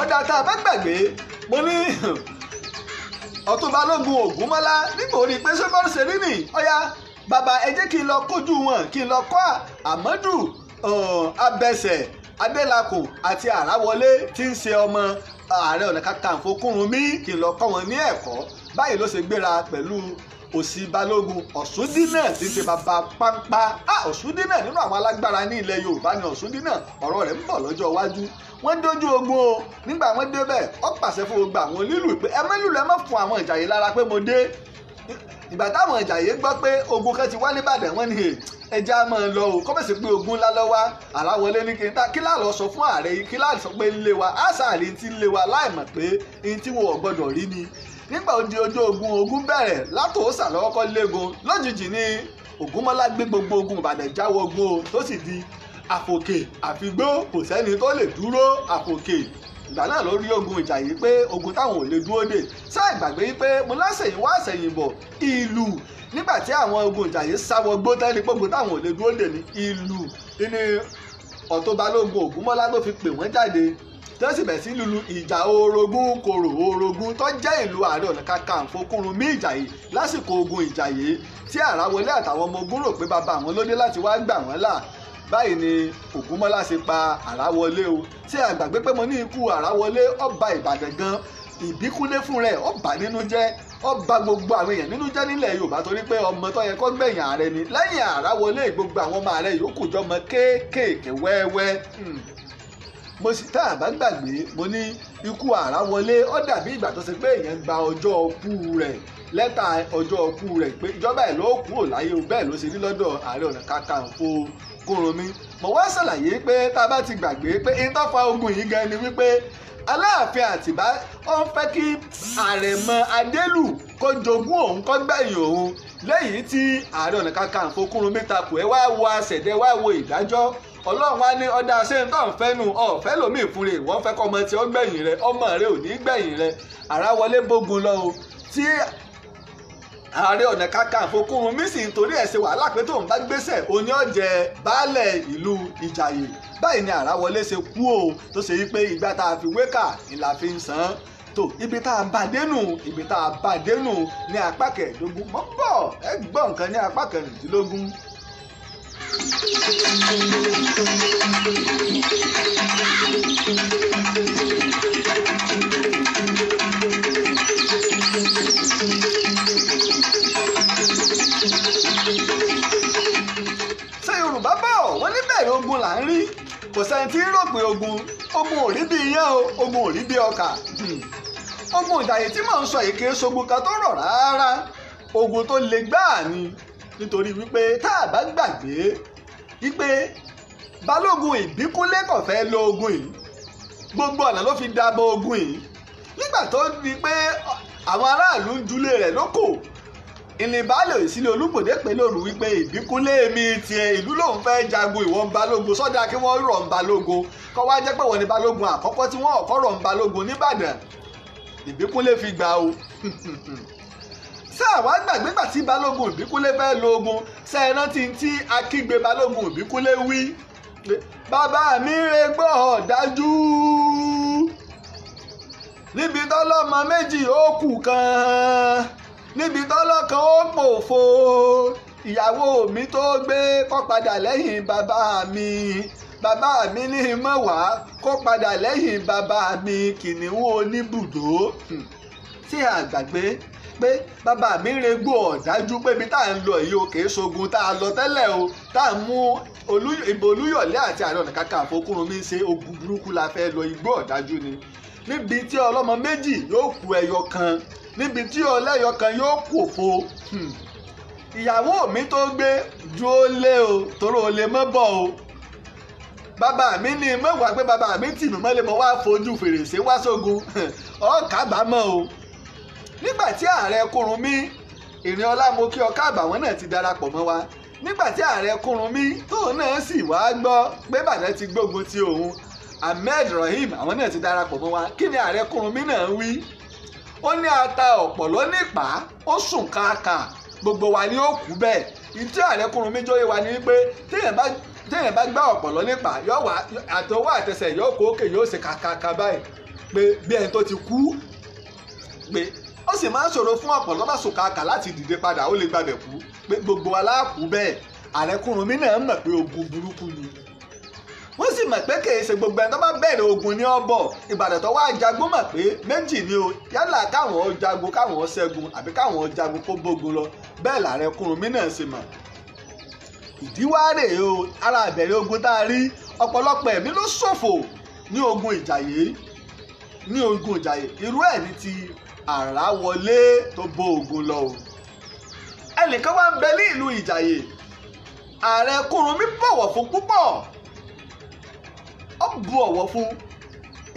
ọ̀dà tá a bá gbàgbé mo ní Ọ̀tún Balógun Ògúnmọ́lá nítorí pé sọ́kọ́rù ṣe rí nì ọ̀yá bàbá ẹ jẹ́ kí n lọ kójú wọn kí n lọ kọ́ àmọ́dù abẹsẹ̀ adélakò àti àràwọlé tí ń ṣe ọmọ ààrẹ ọ̀nà kakanfò kúrúnmí kí n lọ kọ́ wọn ní ẹ̀kọ́ báyìí ló ṣe gbéra pẹ̀lú òsì balógun ọ̀ṣúndínà tí ń ṣe bàbá pampa ọ̀ṣúndínà nínú àwọn alágbára ní ilẹ̀ yorùbá ni ọ̀ṣúndínà ọ̀rọ̀ rẹ̀ ń bọ̀ lọ́jọ́ iwájú wọ́n dójú ogun o nígbà wọ́n débẹ̀ ó pàṣẹ fún gbogbo àwọn onílù pé ẹ mẹ́lùlù ẹ má fún àwọn ìjà yìí lára pé mo dé ìgbà táwọn ìjàyè gbọ́ pé ogun kan ti wá nìbàdàn wọ́n ní ẹja máa lọ o kọ́mẹ̀sì pé ogun ńlá lọ wá àláwọlé ní kíńtà kí láà lọ sọ fún ààrẹ yìí kí láà sọ pé ńlé wa àṣàlì ti ńlé wa láì mọ̀ pé ní tí wọn ò gbọ́dọ̀ rí ni nígbà odi ojú ogun ogun bẹ̀rẹ̀ látòósà lọ́wọ́kọ́ léegun lójijì ni ògúnmọ́lá gbé gbogbo ogun ìbàdàn jáwọ́ ogun o tó sì di àfòkè àfigbó kò sẹ́ni tó lè dúró àfòkè ìgbà náà ló rí ogun ìjà yìí pé ogun táwọn ò lè dúró dè sáà gbàgbé yìí pé mo lásẹ̀yìn wá àsẹ̀yìn ìlú nígbà tí àwọn ogun ìjà yìí sáwọ gbó tẹ́lẹ̀ pé ogun táwọn ò lè dúró dè ní ìlú ní ọ̀tún ògúnmọ́lá ló fi pè wọ́n jáde tó sì bẹ̀ sí lulu ìjà orogún koro orogún tó jẹ́ ìlú ààrẹ ọ̀nà kakanfò Kúrúnmí Ìjàyè lásìkò ogun Ìjàyè tí àràwọlé àtàwọn ọmọ ogun rò pé bàbá àwọn ló láti wá gbà wọ́n là báyìí ni ògúnmọ́lá ṣe pa àráwọlé o ṣé àgbàgbé pé mo ní ikú àráwọlé ọba ìbàdàn gan ìbíkúlé fún rẹ̀ ọba nínú jẹ́ ọba gbogbo àwọn èèyàn nínú jẹ́ nílẹ̀ yorùbá torí pé ọmọ tó yẹ kó gbẹ̀yìn ààrẹ ni lẹ́yìn àráwọlé gbogbo àwọn ọmọ ààrẹ yòókù jọmọ kéékèèké wẹ́wẹ́ hmm. mo sì tá àbá gbàgbé mo ní ikú àráwọlé ó dàbí ìgbà tó ṣe pé èèyàn gba ọjọ́ ọkú rẹ̀ lẹ́tà ọjọ́ ọkú rẹ̀ pé ìjọba ẹ̀ ló kú ò láyé o bẹ́ẹ̀ ló ṣe rí lọ́dọ̀ ààrẹ ọ̀nà kakanfò Kúrúnmí mo wá ṣàlàyé pé tá a bá ti gbàgbé pé ìtọ́fà ogun yìí gan ni wípé aláàfin àtìbá ó ń fẹ́ kí àrẹ̀mọ adélù kó jogún òun kó gbẹ̀yìn òun lẹ́yìn tí ààrẹ ọ̀nà kakanfò Kúrúnmí takò ẹ wá wo àṣẹ̀dẹ̀ wá wo ìdájọ́ ọlọ́run á ní ọ̀dà ṣé ń tàn fẹ́nu ọ̀fẹ́ lómi ìfúnre ìwọ́n fẹ́ kọ́ ọmọ tí ó gbẹ̀yìn rẹ ọmọ rẹ ò ní gbẹ̀yìn rẹ àrà wọlé bógun lọ o tí ààrẹ ọ̀nà kakanfò Kúrunmí sì ń torí ẹ̀ ṣe wàhálà pé tóun bá gbéṣẹ òní ọ̀jẹ̀ baálẹ̀ ìlú Ìjàyè báyìí ni Àràwọlé ṣe kú o tó ṣe wípé ìgbà tá a fi wékà ni la fi ń san án tó ibi tá a bá dénú ibi tá a bá dénú ní apá kẹẹ̀ẹ́dógún mọ́ bọ̀ ẹ gbọ́ nǹkan ní apá kẹrìndínlógún. Thank you ṣé yorùbá bá ọ wọ́n níbẹ̀rẹ̀ ogun là ń rí kò sẹ́ni tí ń rògbìn ogun ogun ò rí bí iyán o ogun ò rí bí ọkà ogun ìdàyè tí mò ń sọ yìí kì í ṣogun kan tó rọ̀ rárá ogun tó le gbáà ni nítorí wípé tá a bá gbàgbé wípé balógun ìbíkúnlé kò fẹ́ lo ogun yìí gbogbo ọ̀nà ló fi dabo ogun yìí nígbà tó di pé àwọn aráàlú ń júlé rẹ̀ lóko ìnìbàlẹ̀ òsílẹ̀ olúmọ̀dé pé lóru wípé ìbíkúnlé mi tiẹ̀ ìlú lòun fẹ́ jagun ìwọ̀n balógun sọ́dà kí wọ́n rọ̀ ń balógun kọ́ wá jẹ́ pé wọ́n ní balógun àkọ́kọ́ tí wọ́n ọ̀kọ́ rọ̀ ń balógun nìbàdàn ìbíkúnlé fi gbà o sáà [laughs] wá gbàgbé gbà tí balógun ìbíkúnlé fẹ́ lo ogun ṣe é rántí tí akígbe balógun ìbíkúnlé wí bàbá mi rè gbọ́ ọ̀dájú níbi tọ́lọ́mọ méjì ó kù kan níbi tọ́lọ́kan ó pòfo ìyàwó mi tó gbé kó padà lẹ́yìn bàbá mi bàbá mi ní mọ̀wá kó padà lẹ́yìn bàbá mi kìnìún oníbùdó tí hmm. a gbàgbé pé bàbá mi regbó ọ̀dájú pé ibi tá à ń lọ yìí o kì í ṣogun tá a lọ tẹ́lẹ̀ o tá a mú ìbò olúyọ̀lé àti ààrẹ ọ̀nà kakanfò Kúrúnmí ṣe ogun burúkú la fẹ́ lọ igbó ọ̀dájú ni níbi tí ọlọ́mọ méjì yóò kú ẹyọ kan níbi tí ọlẹ́yọ kan yóò kú òfo hmm. ìyàwó mi tó gbé ju ó lé o tóró lè mọ́ bọ̀ o bàbá mi ní mẹ́wàá pé bàbá mi tì mí mọ́lẹ́ wá fojú fèrèsé wá sógun [laughs] ọ̀ kábàámọ̀ o nígbà tí ààrẹ Kúrúnmí ìrìn ọlá mo kí ọ káàbà náà ti darapọ̀ mọ́ wa nígbà tí ààrẹ Kúrúnmí tóun náà sì wá gbọ́ pé bàdẹ́ ti gbógun ti òun ahmed rahim àwọn náà ti darapọ̀ mọ́ wa kí ni ààrẹ Kúrunmí náà ń wí ó ní ata ọ̀pọ̀lọ́ nípa ó sùn káàkà gbogbo wa ni ó kú bẹ́ẹ̀ ìtí ààrẹ Kúrunmí jóye wa ni wípé téèyàn bá gbá ọ̀pọ̀lọ́ nípa àtọwọ́ àtẹsẹ̀ yóò kó òkè yóò ṣe kàkàkà báyìí pé bí ẹni tó ti kú pé ó sì máa ń ṣòro fún ọ̀pọ̀lọ́ bá sùn káàkà láti dìde padà ó lè gbàgbẹ́ kú pé gbogbo wa láàkú bẹ́ẹ̀ ààrẹ Kúrunmí náà mọ̀ pé ogun burúkú ni wọ́n sì mọ̀ pé kìí ṣe gbogbo ẹni tó bá bẹ̀rẹ̀ ogun ní ọ̀bọ̀ ìbàdàn tó wá jagun mọ̀ pé méjì ni o yálà káwọn jagun káwọn ṣẹ́gun àbí káwọn jagun kó bógun lọ bẹ́ẹ̀ lààrẹ Kúrúnmí náà ṣe mọ̀ ìdíwárè o ara àbẹ̀rẹ̀ ogun tá a rí ọ̀pọ̀lọpọ̀ ẹ̀mí ló ṣòfò ní ogun ìjàyè ní ogun ìjàyè irú ẹ̀ ní ti àràwọlé tó bó ogun lọ o ẹnìkan wá ń bẹ ní ìlú ìjàyè ààrẹ Kúrúnmí bọ̀wọ̀ fún púpọ̀ ó bu ọ̀wọ̀ fún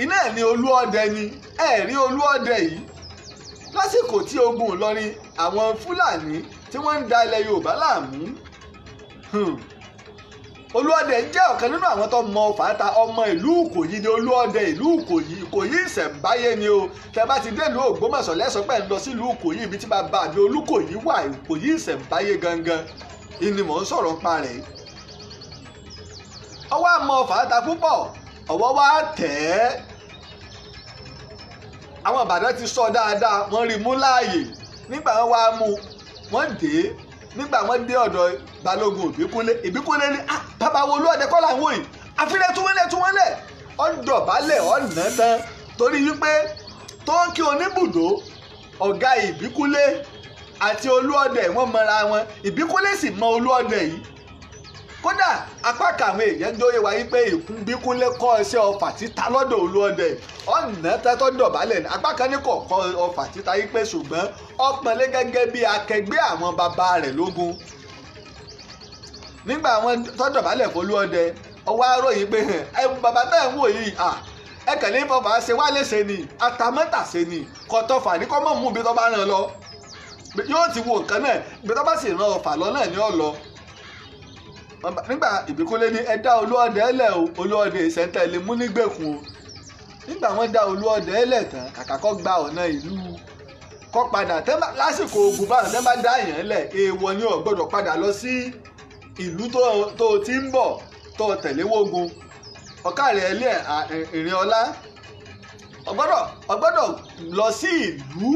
iná ẹ̀ ní olú ọdẹ ni ẹ̀ rí olú ọdẹ yìí lásìkò tí ogun Ìlọrin àwọn Fúlàní tí wọ́n ń da ilẹ̀ Yorùbá láàmú hmm. olúọdẹ jẹ́ ọ̀kan nínú àwọn tó mọ fàáta ọmọ ìlú Ìkòyí ni olúọdẹ ìlú Ìkòyí Ìkòyí ìṣẹ̀ǹbáyé ni o tẹ bá ti délùú Ògbómọ̀ṣọ́ lẹ́sọ̀ pẹ̀ ń lọ sílùú Ìkòyí ibi tí bàbá àbí Olúkòyí wà Ìkòyí ìṣẹ̀ǹbáyé gangan ìnìmọ̀ ń sọ̀rọ̀ pa rẹ̀ ọwọ́ àmọ́ fàáta púpọ̀ ọwọ́ wá tẹ̀ ẹ́ àwọn Ìbàdàn ti sọ dáadáa wọ́n rí mú láàyè nígbà wọn wá mú wọ́n dé nígbà wọ́n dé ọ̀dọ̀ Balógun Ìbíkúnlé Ìbíkúnlé ní ah, bàbá wo olúwọ̀dẹ kọ́ làwọn yìí àfilẹ̀ túwọ́lẹ̀ túwọ́lẹ̀ ọ̀dọ̀bálẹ̀ ọ̀nà tán torí wípé tó ń kí oníbùdó ọ̀gá Ìbíkúnlé àti olúọ̀dẹ wọ́n mọra wọn Ìbíkúnlé sì mọ olúọ̀dẹ yìí kódà apá kàwọn èèyàn dóye wa yí pé ìbíkúnlé kọ́ iṣẹ́ ọfà títa lọ́dọ̀ olóòdè ọ̀nà tẹ́tọ́ dọ̀bálẹ̀ apá kan ní kọ̀ọ̀kọ́ ọfà títa yí pé ṣùgbọ́n ọpọlẹ gẹ́gẹ́ bí akẹgbẹ́ àwọn bàbá rẹ̀ lógun nígbà àwọn tọ́dọ̀bálẹ̀ fọlúọdẹ ọwọ́ aróyìn pé ẹ bàbá tẹ́ ń wò yìí ẹ kàn ní fọfà ṣe wá ni atamọ́tà ni kọ̀tọ̀fà ní kọ́mọ̀ mú ibi tó bá ràn lọ yóò ti wo nǹkan náà ibi tó bá sì ràn ọ̀fà lọ náà ni ọ̀ lọ nígbà ìbíkúlé ní ẹ dá olúọdẹ ẹlẹ o olúọdẹ ìṣẹ̀ntẹ̀ lè mú nígbèkùn o nígbà wọ́n dá olúọdẹ ẹlẹ tán kàkà kọ́ gba ọ̀nà ìlú kọ́ padà lásìkò ogun báyọ̀ tẹ́ bá dá yẹn lẹ̀ èèwọ̀ ni ò gbọ́dọ̀ padà lọ sí ìlú tó o ti ń bọ̀ tó o tẹ̀lé wógun ọ̀ká rẹ̀ ẹlẹ́ ìrìn ọlá ọgbọ́dọ̀ lọ sí ìlú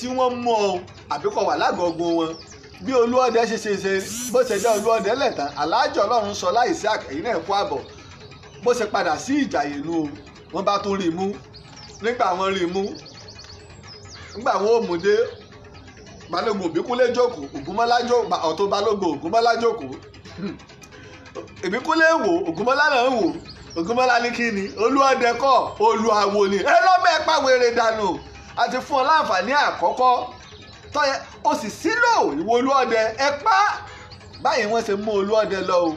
tí wọ́n mọ̀ àbíkọ̀ wà lágọ̀ọ́gbọ̀n wọn bí olúọdẹ ṣe ṣe ṣe bó ṣe dá olúọdẹ lẹ́tàn aláàjọ ọlọ́run sọ láìsí àkẹyìn náà kó àbọ̀ bó ṣe padà sí ìjàyè nu o wọ́n bá tún rí i mú nígbà wọ́n rí i mú nígbà wọ́n ò mú dé balógun òbíkúnlé jókòó ògúnmọ́lá jókòó ọ̀tún balógun ògúnmọ́lá jókòó ìbíkúnlé [laughs] wò ògúnmọ́lá náà wò ògúnmọ́lá ní kí ni olúọdẹ kọ́ olúawo ni ẹ lọ́mọ ẹ pàwéré dànù àti fún ọ láǹfààní àkọ́kọ́ tọ́yẹ o sì sílò ìwọ olúọdẹ ẹ pa báyìí wọ́n ṣe mú olúọdẹ lọ o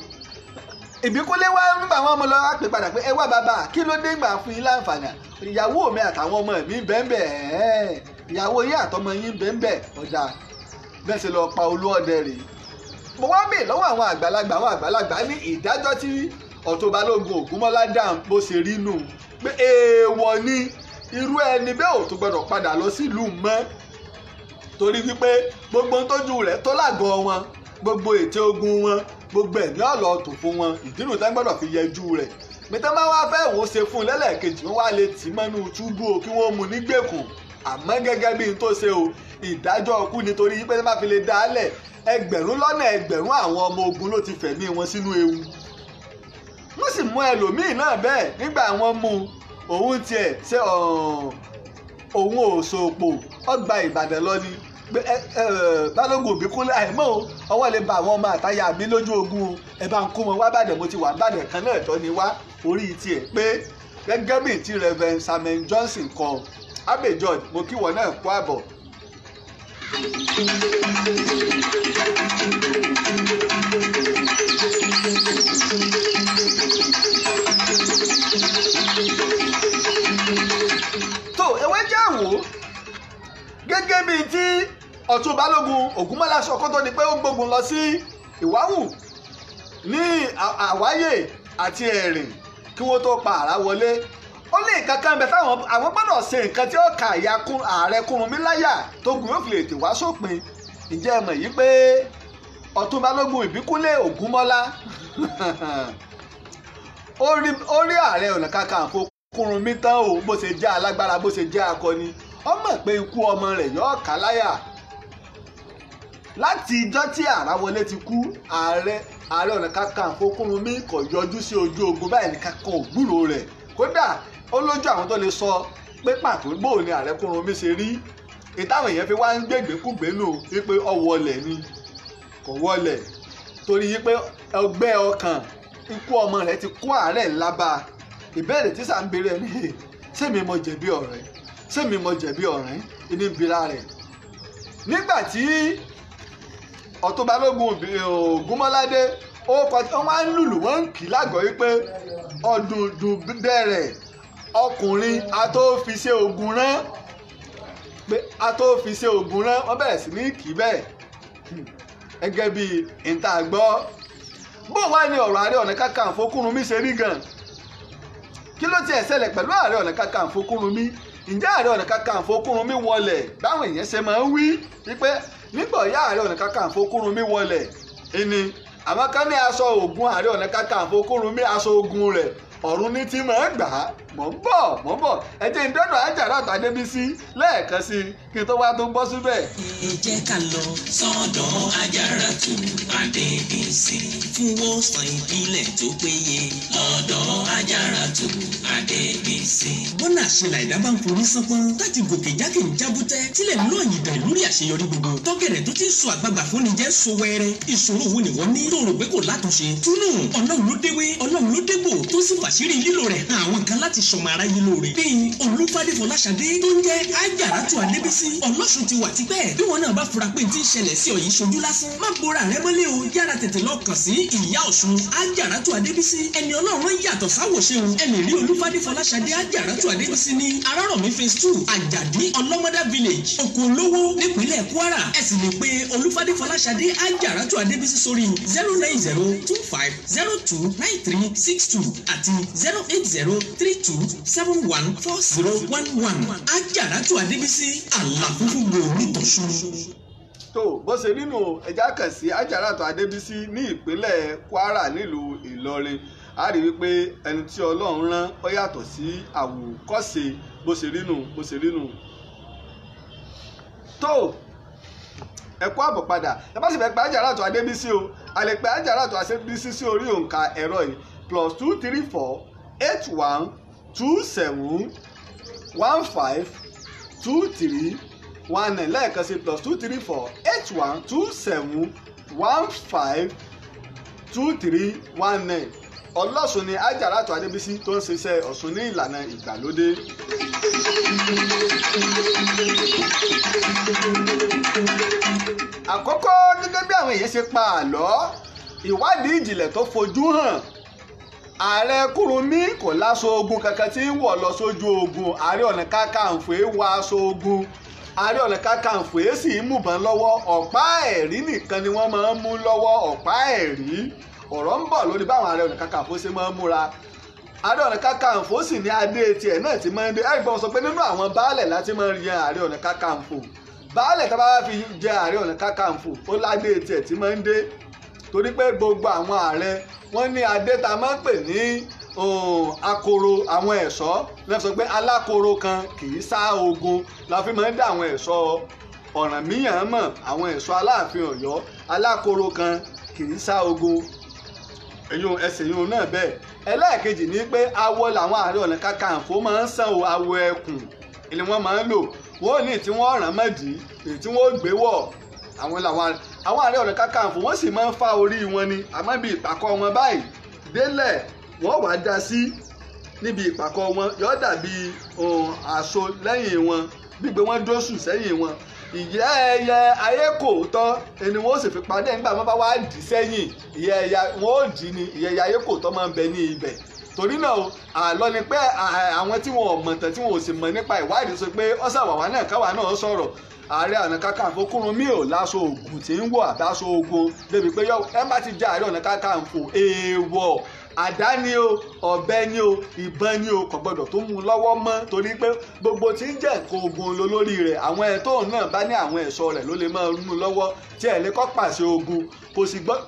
ìbíkúlé wá nígbà wọn mọ lọ́wọ́ pé padà pé ẹ wá bàbá kí ló dé gbà fún yín láǹfààní ìyàwó mi àtàwọn ọmọ mi bẹ́ẹ̀ ìyàwó yín àtọmọ yín bẹ́ẹ̀ ọjà bẹ́ẹ̀ ṣe lọ pa olúọdẹ rèé mo wá bè lọ́wọ́ àwọn àgbàlagbà àwọn àgbàlagbà ní ìdájọ́ tí ọ̀tọ̀balógun ògúnmọ́lá dàm bó ṣe rí nù pé èèwọ̀ ni irú ẹni bẹ́ẹ̀ ò tó gbọdọ̀ padà lọ sílùú mọ́ torí wípé gbogbo tójú rẹ̀ tó lágọ̀ọ́ wọn gbogbo ète ogun wọn gbogbo ẹ̀mí ọ̀lọ́ tò fún wọn ìdírù tán gbọ́dọ̀ fi yẹjú rẹ̀ mìtẹ́ wá fẹ́ wò ṣe fún un lẹ́lẹ́kejì wọ́n wá lè tì mọ́nú túbú o kí wọ́n mú nígbèkùn àmọ́ gẹ́gẹ́ bí n tó ṣe o ìdájọ́ ọkú nítorí yí má fi lè dá a lẹ̀ ẹgbẹ̀rún lọ́nà ẹgbẹ̀rún àwọn ọmọ ogun ló ti fẹ̀mí wọn sínú ewu wọ́n sì mú ẹlòmíì náà bẹ́ẹ̀ nígbà wọn mú òun tiẹ̀ ṣe òun ò ọgbà Ìbàdàn lọ balógun òbí kúnlẹ̀ àìmọ́ o ọwọ́ lè ba àwọn ọmọ àtàyà mi lójú ogun ẹ bá ń kó wọn wá bàdàn mo ti wà bàdàn kan náà tọ́ ni wá orí tiẹ̀ pé gẹ́gẹ́ bí ti Reverend Samuel Johnson kọ Abbey George mo kí wọn náà kó àbọ̀. tó ewé jẹ́ àwò gẹ́gẹ́ bíi ti ọ̀tún balógun ògúnmọ́lá sọ kó tó di pé ó gbógun lọ sí ìwáwù ní àwáyè àti ẹ̀rìn kí wọ́n tó pa àrá wọlé ó ní nǹkan kan bẹ táwọn àwọn gbọ́dọ̀ ṣe nǹkan tí ó kà ya ààrẹ Kúrúnmí láyà tó gùn yóò fi lè tè wá sópin ǹjẹ́ ẹ mọ̀ yìí pé ọ̀tún balógun ìbíkúnlé ògúnmọ́lá [laughs] ó rí ààrẹ ọ̀nà kakanfò Kúrúnmí tán o bó ṣe jẹ́ alágbára bó ṣe jẹ́ akọni ó mọ̀ pé ikú ọmọ rẹ̀ yóò kà láyà láti ìjọ́ tí àràwọlé ti kú ààrẹ ààrẹ ọ̀nà kakanfò Kúrúnmí kò yọjú sí ojú ogun báyìí nìkan kan ò gbúrò rẹ̀ kódà ó lójú àwọn tó lè sọ pé pàtó bóò ni ààrẹ Kúrúnmí ṣe rí ìtàwọn èèyàn fi wá ń gbègbè kúgbè nù wípé ọwọlẹ̀ ni kò wọlẹ̀ torí wípé ọgbẹ́ ọkàn ikú ọmọ rẹ̀ ti kó àárẹ̀ ńlá bá a ìbéèrè tí sàn bèrè ni sẹ́mi mo jẹ̀bi ọ̀rẹ́ sẹ́mi mo jẹ̀bi ọ̀rẹ́ ìní ń bira rẹ̀ nígbà tí ọ̀tún balógun ògúnmọ́ládé eh, ó kọ tí wọ́n máa ń lùlù wọ́n ń kì í lágọ̀ọ́ wípé ọ̀dùndùn bẹ̀rẹ̀ ọkùnrin atófiṣe ògùn rán pé atófiṣe ògùn rán wọ́n bẹ̀rẹ̀ sí ní kì í bẹ́ẹ̀ gẹ́gẹ́ bí ìta gbọ́ bó wá ní ọ̀rọ̀ ààrẹ ọ̀nà kakanfò Kúrúnmí ṣe rí gan kí ló tiẹ̀ ṣẹlẹ̀ pẹ̀lú ààrẹ ọ̀nà kakanfò Kúrúnmí ǹjẹ́ ààrẹ ọ̀nà kakanfò Kúrúnmí wọlẹ̀ báwọn èèyàn ṣe máa ń wí wípé nígbà ọ̀yá ààrẹ ọ̀nà kakanfò Kúrúnmí wọlẹ̀ ẹni àmọ́ ká ní aṣọ ògùn ààrẹ ọ̀nà kakanfò Kúrúnmí aṣọ ògùn rẹ̀ ọ̀run ní tí máa gbà á mò ń bọ̀ mò ń bọ̀ ẹ jẹ́ ìdọ́dọ̀ Àjàrà Ọ̀tàdébísí lẹ́ẹ̀kan sí i kí n tó wá tó ń bọ́ síbẹ̀. ǹjẹ́ ká lọ sọ́dọ̀ Àjàràtú Adébísí fún wọ́sàn ìbílẹ̀ tó péye lọ́dọ̀ Àjàràtú Adébísí. bọ́nà àṣelà ẹ̀dá bá ń forí sánpọ́n láti gòkè jákè ń jábútẹ́ tílẹ̀ ń lọ àyìnbẹ̀ lórí àṣeyọrí gbogbo tọ́kẹ̀rẹ̀ tó ti sọ àgbààgbà fún ni jẹ́ sọ wẹ́rẹ́ ìṣòro wo ni wọ́n ní tó rò fi sọmọ aráyé lóore bíi olúfádé fọláṣadé tó ń jẹ́ ajaratu adébísí ọlọ́sùn ti wà tipẹ́ bí wọn náà bá fura pé ti ń ṣẹlẹ̀ sí ọ̀yìn ṣojú lásán má bora rẹ mọ́lẹ̀ o yára tètè lọ kàn sí ìyá ọ̀ṣun ajaratu adébísí ẹni ọlọ́run yàtọ̀ sáwòṣeun ẹni rí olúfádé fọláṣadé ajaratu adébísí ní arárọ̀mí phase two àjàdí ọlọ́mọdá village oko olówó kwara ẹ sì lè pe olúfádé fọláṣadé ajaratu adébísí sórí zero nine zero two five zero two nine three six two àti zero eight zero three two two seven one four zero one one ajaratu adébísí àlàfúnfún gbòòrò tọ̀sùn. tó bó ṣe nínú ẹja kàn sí ajaratu adébísí ní ìpínlẹ̀ kwara nílùú ìlọrin a rí wípé ẹni tí ọlọ́run rán ó yàtọ̀ sí àwòkọ́ṣe bó ṣe rínú bó ṣe rínú. tó ẹ kú àbọ̀ padà ẹ bá sì fẹ́ pé ajaratu adébísí o a lè pé adébísí sí orí òǹkà ẹ̀rọ yìí plus two three four eight one two seven one five two three one nine lẹ́ẹ̀kan sí plus two three four eight one two seven one five two three one nine ọlọ́sùn ni ajaratu adébísí tó ń ṣiṣẹ́ ọ̀sùn ní ìlànà ìgbàlódé. àkọ́kọ́ gẹ́gẹ́ bí àwọn èèyàn ṣe pa àlọ́ ìwádìí ìjìnlẹ̀ tó fojú hàn ààrẹ Kúrúnmí kò láṣọ ogun kankan tí ń wọ̀ lọ sójú ogun ààrẹ ọ̀nà kákàǹfò wọ aṣọ ogun ààrẹ ọ̀nà kákàǹfò sì ń múbọn lọ́wọ́ ọ̀pá ẹ̀rí nìkan ni wọ́n máa ń mú lọ́wọ́ ọ̀pá ẹ̀rí ọ̀rọ̀ ń bọ̀ lórí báwọn ààrẹ ọ̀nà kákàǹfò ṣe máa ń múra ààrẹ ọ̀nà kákàǹfò sì ní adé tiẹ̀ náà ti máa ń dé ẹ̀gbọ́n sọ pé nínú àwọn baálẹ̀ láti máa ń yan ààrẹ ọ̀nà kákàǹfò baálẹ̀ tá a bá fi jẹ ààrẹ ọ̀nà kákàǹfò ó ládé tiẹ̀ ti máa ń dé torí pé gbogbo àwọn ààrẹ wọ́n ní adé tá a máa ń pè ní akoro àwọn ẹ̀ṣọ́ lẹ́sọ pé alákoro kan kì í sá ogun la fi máa ń dá àwọn ẹ̀ṣọ́ ọ̀ràn míyàn mọ̀ àwọn ẹ̀ṣọ́ aláàfin ọ̀yọ́ alákoro kan kì í sá ogun ẹ̀yùn ẹsẹ̀ yìí náà bẹ́ẹ̀ ẹlẹ́ẹ̀kejì ni pé awọ làwọn ààrẹ ọ̀nà kakanfò máa ń san awọ ẹkùn ni wọ́n máa ń lò wọ́n ní tí wọ́n ràn mọ́dì tí wọ́n gbé wọ̀ àwọn làwọn àwọn ààrẹ ọ̀nà kakanfò wọ́n sì máa ń fa orí wọn ni àmọ́ ibi ìpàkọ́ wọn báyìí délẹ̀ wọ́n wàá da sí níbi ìpàkọ́ wọn yóò dàbí àṣọ lẹ́yìn wọn gbígbé wọn dóṣù sẹ́yìn wọn ìyá ẹyẹ ayé kò tọ́ ẹni wọn ó sì fi padà nígbà wọn bá wá dì sẹ́yìn ìyá ẹyẹ wọn ó dì ní ìyá ẹyẹ ayé kò tọ́ máa ń bẹ ní ibẹ̀ torí náà àlọ́ ni pé àwọn tí wọn ò mọ̀tàn tí wọn ò sì mọ̀ nípa ìwádìí sọ pé ọ̀sàwàwà náà káwa náà sọ̀rọ̀ ààrẹ àná kakanfò Kúrúnmí ò láṣọ ògùn tí ń wọ̀ àbáṣọ ogun débi pé ẹ bá ti jẹ ààrẹ àná kakanfò èèwọ̀ àdá ni o ọ̀bẹ ni o ìbọn ni o kò gbọdọ̀ tó mú un lọ́wọ́ mọ́ torí pé gbogbo tí ń jẹ́ nǹkan ogun ló lórí rẹ̀ àwọn ẹ̀tọ́ náà bá ní àwọn ẹ̀ṣọ́ rẹ̀ ló lè máa mú un lọ́wọ́ tí ẹ̀ lè kọ́ pàṣẹ ogun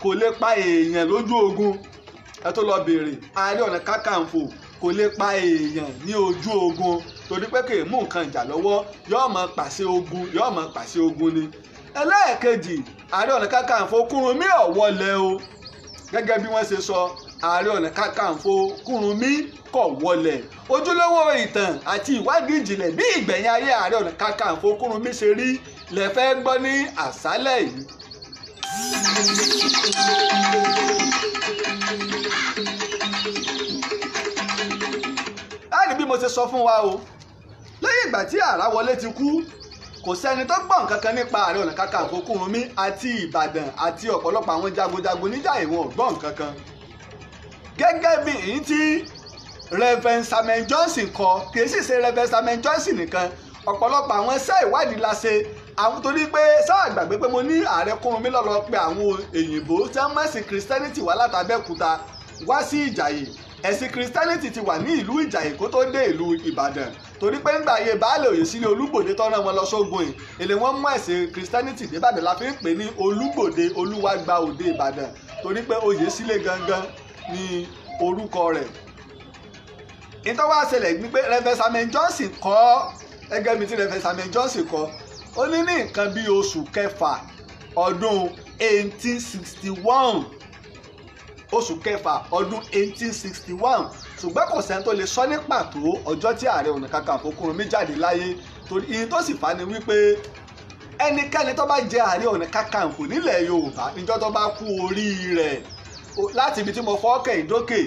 kò lè pa èèyàn lójú ogun ẹ tó lọ béèrè ààrẹ ọ̀nà kákàǹfò kò lè pa èèyàn ní ojú ogun torí pé kì í mú nǹkan ìjà lọ́wọ́ yóò máa pàṣẹ ogun yóò máa pàṣẹ ogun ni ẹlẹ́ẹ̀kejì ààrẹ ọ̀nà kakanfò Kúrúnmí ọ̀wọ́lẹ̀ o gẹ́gẹ́ bí wọ́n ṣe sọ ààrẹ ọ̀nà kakanfò Kúrúnmí kọ̀ wọlẹ̀ ojúlówó ìtàn àti ìwádìí ìjìnlẹ̀ bí ìgbẹ̀yìn ayé ààrẹ ọ̀nà kakanfò Kúrúnmí ṣe rí lẹ fẹ́ gbọ́ ní àṣálẹ̀ yìí. bí mo ṣe sọ fún wa o lẹ́yìn ìgbà tí àràwọlé ti kú kò sẹ́ni tó gbọ́ nǹkan kan nípa ààrẹ ọ̀nà kakanfò Kúrunmí àti ìbàdàn àti ọ̀pọ̀lọpọ̀ àwọn jagunjagun níjàyè wọn ò gbọ́ nǹkan kan gẹ́gẹ́ bí èyí tí Reverend Samuel Johnson kọ kìí sì ṣe Reverend Samuel Johnson nìkan ọ̀pọ̀lọpọ̀ àwọn iṣẹ́ ìwádìí la ṣe àwọn torí pé sáà gbàgbé pé mo ní ààrẹ Kúrunmí lọ́lọ́ pé àwọn òyìnbó tí wọ́n mọ̀ sí Christianity wà látàbẹ́kúta wá sí Ìjàyè ẹ̀sìn Christianity ti wà ní ìlú Ìjàyè kó tó dé ìlú Ìbàdàn torí pé ńgbà ayé baálé Òyèsílẹ̀ Olúgbòde tọ́nà wọn lọ sógun yìí èlé wọn mú ẹ̀sìn Christianity débàdàn la fi ń pè ní Olúgbòde Olúwàgbà òde Ìbàdàn torí pé Òyèsílẹ̀ gangan ni orúkọ rẹ̀ ìtọ́wọ́ àṣẹlẹ̀ gbígbé Reverend Samuel Johnson kọ́ ẹgẹ́ mi tí Reverend Samuel Johnson kọ́ ó ní ní nǹkan bíi oṣù kẹfà ọdún 1861 oṣù kẹfà ọdún 1861 ṣùgbọ́n kò sẹ́ni tó lè sọ ní pàtó ọjọ́ tí ààrẹ ọ̀nà kakanfò Kurunmi jáde láyé torí iye tó sì fani wípé ẹnikẹ́ni tó bá jẹ ààrẹ ọ̀nà kakanfò nílẹ̀ Yorùbá níjọ́ tó bá kú orí rẹ̀ láti ibi tí mo fọ́ọ̀kẹ́ ìdókè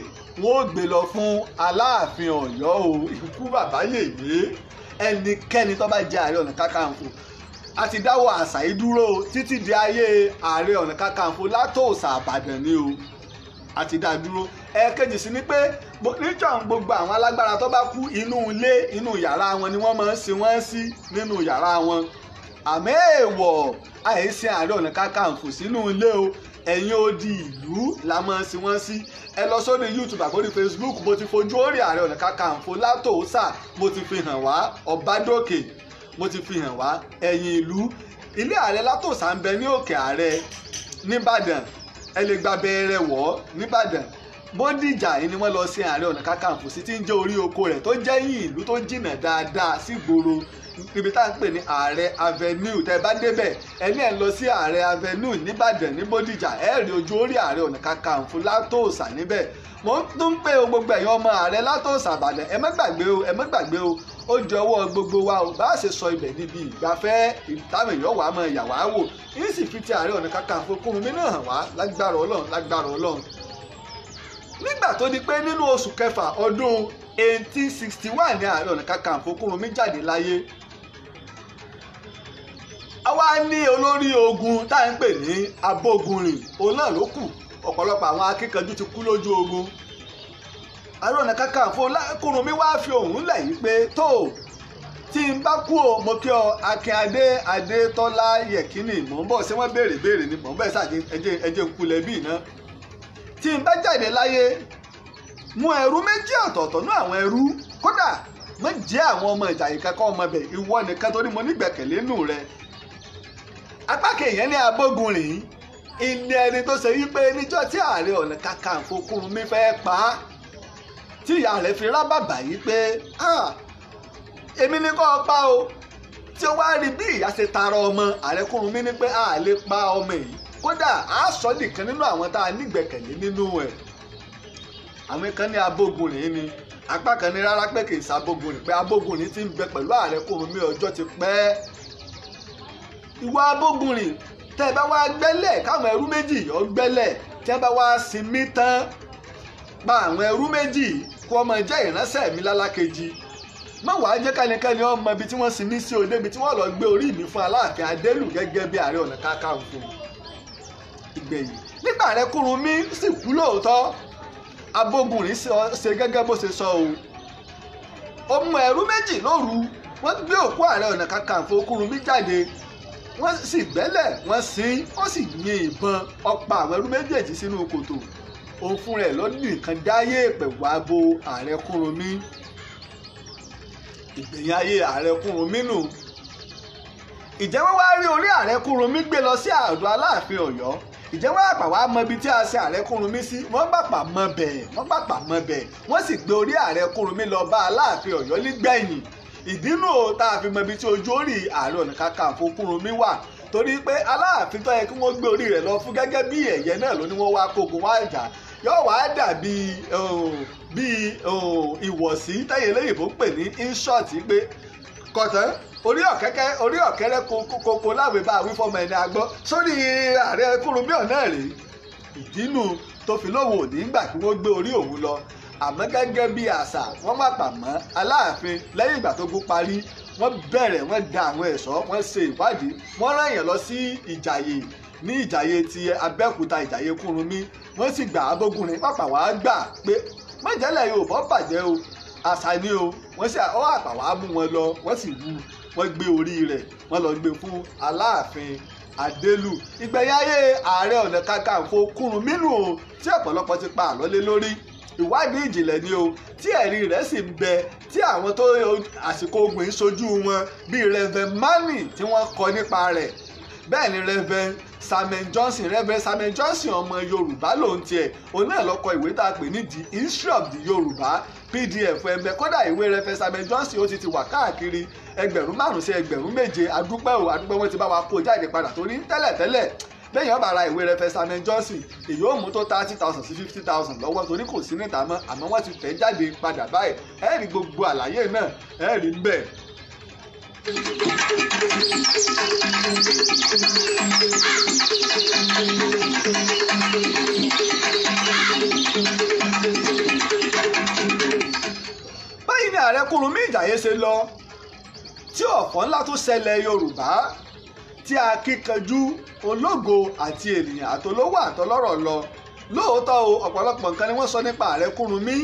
wọn ò gbé lọ fún Aláàfin Ọ̀yọ́ o ikú bàbá yèyé ẹnikẹ́ni tó bá jẹ ààrẹ ọ̀nà kakanfò a ti dáwọ́ àṣà yìí dúró títí di ayé ààrẹ ọ̀nà kakanfò látòòsà àbàdàn ni o àti dá dúró ẹ̀ẹ̀kejì sí ni pé níjọ́ gbogbo àwọn alágbára tó bá kú inú ilé inú yàrá wọn ni wọ́n máa ń sin wọ́n sí nínú yàrá wọn àmọ́ èèwọ̀ àìsí Ààrẹ Ọ̀nà Kakanfò sínú ilé o ẹ̀yìn odi ìlú la máa ń sin wọ́n sí ẹ lọ sórí YouTube àbórí Facebook mo ti fojú orí Ààrẹ Ọ̀nà Kakanfò látòósà mo ti fi hàn wá ọ̀bádòkè mo ti fi hàn wá ẹ̀yìn ìlú ilé ààrẹ látòsà ń bẹ ní òkè ààrẹ nìbàdàn ẹ lè gba abẹ́rẹ́ wọ̀ ọ́ nìbàdàn bódìjà yìí ni wọ́n lọ sí ààrẹ ọ̀nà kakanfò sí ti ń jẹ́ orí oko rẹ̀ tó jẹ́ yìn ìlú tó jìnnà dáadáa sí gbòòrò níbi tá à ń pè ní ààrẹ avenue tẹ́ bá débẹ̀ ẹni ẹ̀ lọ sí ààrẹ avenue nìbàdàn ní bódìjà ẹ rí ojú orí ààrẹ ọ̀nà kakanfò látòòsà níbẹ̀ mo tún pé o gbogbo ẹ̀yọ́ ọmọ ààrẹ látòòsà àbàdàn ẹ má gbàgbé o ẹ má gbàgbé o ó jẹ ọwọ́ gbogbo wa ò bá ṣe sọ ibẹ̀ níbi ìgbafẹ́ táwọn èèyàn wàá mọ ìyà wá wò yìí sì fi ti Ààrẹ Ọ̀nà Kakanfò Kúrunmí náà hàn wá lágbára Ọlọ́run lágbára Ọlọ́run. nígbà tó di pé nínú oṣù kẹfà ọdún 1861 ni Ààrẹ Ọ̀nà Kakanfò Kúrunmí jáde láyé. àwa ní olórí ogun tá à ń pè ní Abógunrin òun náà ló kù ọ̀pọ̀lọpọ̀ àwọn akíkanjú ti kú lójú ogun ààrẹ ọ̀nà kakanfò Ọlákurùnmí wá fi òun lẹ̀ yìí pé tó tí n bá kú o mo kí ọ Akínadé Adétọ́lá Yẹ̀kínì mò ń bọ̀ ṣé wọ́n béèrè béèrè ni mò ń bẹ̀ sáà ẹjẹ́ ń kulẹ̀ bíi náà tí n bá jáde láyé mú ẹrú méjì ọ̀tọ̀ọ̀tọ̀ ní àwọn ẹrú kódà mo jẹ́ àwọn ọmọ ìjàyè kankan ọmọ ibẹ̀ ìwọ nìkan torí mo nígbẹ̀kẹ̀lé nù rẹ apá kèèyàn ní abógun rìn ní ẹni tó ṣe wípé níjọ́ tí ààrẹ ọ̀nà kakanfò Kúrúnmí fẹ́ pa á tí ìyá rẹ̀ fi rábàbà yìí pé èmi ni kọ́ pa o tí ó wá rí bí ìyá ṣe tara ọmọ àrẹkùnrinmi ni pé a lè pa ọmọ yìí kódà a sọ nìkan nínú àwọn tá a nígbẹ̀kẹ̀lé nínú ẹ̀ àwọn kan ní abógunrin ni apá kan ní rárá pé kì í ṣàbógunrin pé abógunrin ti ń bẹ pẹ̀lú àrẹkùnrinmi ọjọ́ ti pẹ́ ìwà abógunrin tẹ́ ẹ bá wá gbẹ́lẹ̀ káwọn ẹrú méjì yọ gbẹ́lẹ̀ tí wọ́n bá wá sinmi tán pa àwọn ẹrú méjì yìí kó ọmọ jẹ́ ìránṣẹ́ mi lálákejì má wàá jẹ́ kánikẹ́ni ọmọ ibi tí wọ́n sì ní sí o débi tí wọ́n lọ gbé orí mi fún Aláàfin Adélù gẹ́gẹ́ bí Ààrẹ Ọ̀nà Kakanfò ìgbẹ̀yìn nígbà rẹ Kúrúnmí sì kú lóòótọ́ Abógunrin ṣe gẹ́gẹ́ bó ṣe sọ o ọmọ ẹ̀rú méjì lóru wọ́n gbé òkú Ààrẹ Ọ̀nà Kakanfò Kúrúnmí jáde wọ́n sì gbẹ́lẹ̀ wọ́n sin ó sì yin ìbọn ọ̀pá àwọn ẹ̀rú méjèèjì sínú kòtò òun fún rẹ̀ lọ́dún nìkan dáyé pẹ̀lú abo ààrẹ kúròmí ìgbẹ̀yìn ayé ààrẹ kúròmí nù ìjẹ́ wọ́n wá rí orí ààrẹ kúròmí gbé lọ sí àdó aláàfin ọ̀yọ́ ìjẹ́ wọ́n àpà wá mọ ibi tí a ṣe ààrẹ kúròmí sí wọ́n gbàpà mọ bẹ́ẹ̀ wọ́n gbàpà mọ bẹ́ẹ̀ wọ́n sì gbé orí ààrẹ kúròmí lọ bá aláàfin ọ̀yọ́ nígbẹ̀yìn ìdínú tá a fi mọ ibi tí ojú orí ààrẹ ọ̀nà kakanfò kúròmí wà torí pé aláàfin tó yẹ kí wọ́n gbé orí rẹ̀ lọ fún gẹ́gẹ́ bí ẹ̀yẹ náà ló ní wọ́n wá kógun wá jà yóò wá dàbí oh, bí oh, ìwọ̀sí tẹ́yìn eléyìnbó ń pè ní inṣọ́ọ̀tì pé kọ̀tán orí ọ̀kẹ́kẹ́ orí ọ̀kẹ́rẹ́ kókó láwùé bá wí fọmọ ẹni agbọ́ sórí ààrẹ kúrúmíọ̀ náà rèé ìdínú tó fi lóhùn òní gbà kí wọ́n gbé orí òun lọ àmọ́ gẹ́gẹ́ bí àṣà wọ́n má pà mọ́ aláàfin lẹ́yìn ìgbà tó gún parí wọ́n bẹ̀rẹ̀ wọ́n da àwọn ẹ̀ṣọ́ wọ́n ṣe ìwádìí wọ́n rán èèyàn lọ sí ìjàyè ní ìjàyè ti abẹ́òkúta ìjàyè kúrunmí wọ́n sì gbà abógunrin pàpà wá gbà pé mọ̀jẹ̀lẹ̀ yorùbá bàjẹ́ o àṣà ni o wọ́n sì ọ́ àpà wá mú wọn lọ wọ́n sì wú wọ́n gbé orí rẹ̀ wọ́n lọ gbé fún aláàfin àdélù ìgbẹ̀yàyé ààrẹ ọ̀nà kakanfò kúrunmílù o tí ọ̀pọ̀lọpọ̀ ti pa àlọ́lé lórí ìwádìí ìjìnlẹ̀ ni o tí ẹ̀rí rẹ̀ sì ń bẹ tí àwọn tó àsìkò ogun ń ṣojú wọn bíi rẹ̀vẹ̀ mánì tí wọ́n kọ nípa rẹ̀ bẹ́ẹ̀ ni rẹ̀vẹ̀ Samuel Johnson Reverend Samuel Johnson ọmọ Yorùbá lòun tiẹ̀ òun náà lọ́kọ ìwé tá a pè ní the history of the Yorùbá pdf ẹ̀mẹ́ kódà ìwé Reverend Samuel Johnson ó ti ti wà káàkiri ẹgbẹ̀rún márùn sí ẹgbẹ̀rún méje adúpẹ́ o adúpẹ́ wọn ti bá wa kó jáde padà torí tẹ́lẹ̀tẹ́lẹ̀ lẹ́yìn ọba ara ìwé Reverend Samuel Johnson èyí ó mú tó thirty thousand sí fifty thousand lọ́wọ́ torí kò sí níta mọ́ àmọ́ wọ́n ti tẹ̀ jáde padà báyìí ẹ̀ẹ́rì gbogbo àlàyé náà ẹ̀ẹ́rì ń bẹ̀ báyìí ni ààrẹ Kúrúnmí Ìjàyè ṣe lọ tí ọ̀fọ̀ ńlá tó ṣẹlẹ̀ Yorùbá tí akíkanjú ológo àti ènìyàn àtolówó àtọlọ́rọ̀ lọ lóòótọ́ o ọ̀pọ̀lọpọ̀ nǹkan ni wọ́n sọ nípa ààrẹ Kúrúnmí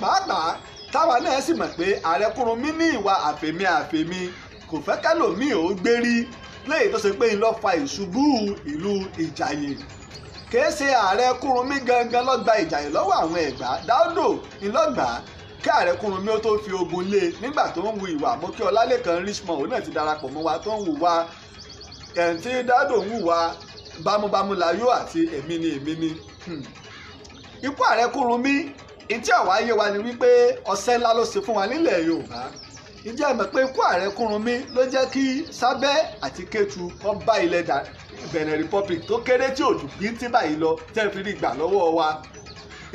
pàápàá táwa náà sì mọ̀ pé ààrẹ Kúrúnmí ní ìwà àfẹ̀mí àfẹ̀mí kò fẹ́ kẹ́lòmíì ò gbérí léyìí tó ṣe pé ńlọ fa ìṣubú ìlú ìjàyè kìí ṣe ààrẹ kúrunmí gangan lọ́gba ìjàyè lọ́wọ́ àwọn ẹ̀gbá dáódò ńlọ́gbà kí ààrẹ kúrunmí ó tó fi ogun lé e nígbà tó ń wu ìwà mú kí ọlálẹ́kan richmond òun náà ti darapọ̀ mọ́ wa tó ń wù wá ẹ̀ǹtí dáódò ń wù wá bámúbámú láyò àti èmi ni èmi ni. Hmm. ikú ààrẹ kúrunmí ìtí àwa yé wa ni wípé ọ̀sẹ̀ ńlá ló ṣe fún wa nílẹ̀ yorùbá ǹjẹ́ ẹ mọ̀ pé ikú ààrẹ Kúrúnmí ló jẹ́ kí Sábẹ́ àti Kétu kọ́ bá ilẹ̀ Benin Republic tó kéré tí òjò bí ti báyìí lọ tẹ́ fi rí gbà lọ́wọ́ wa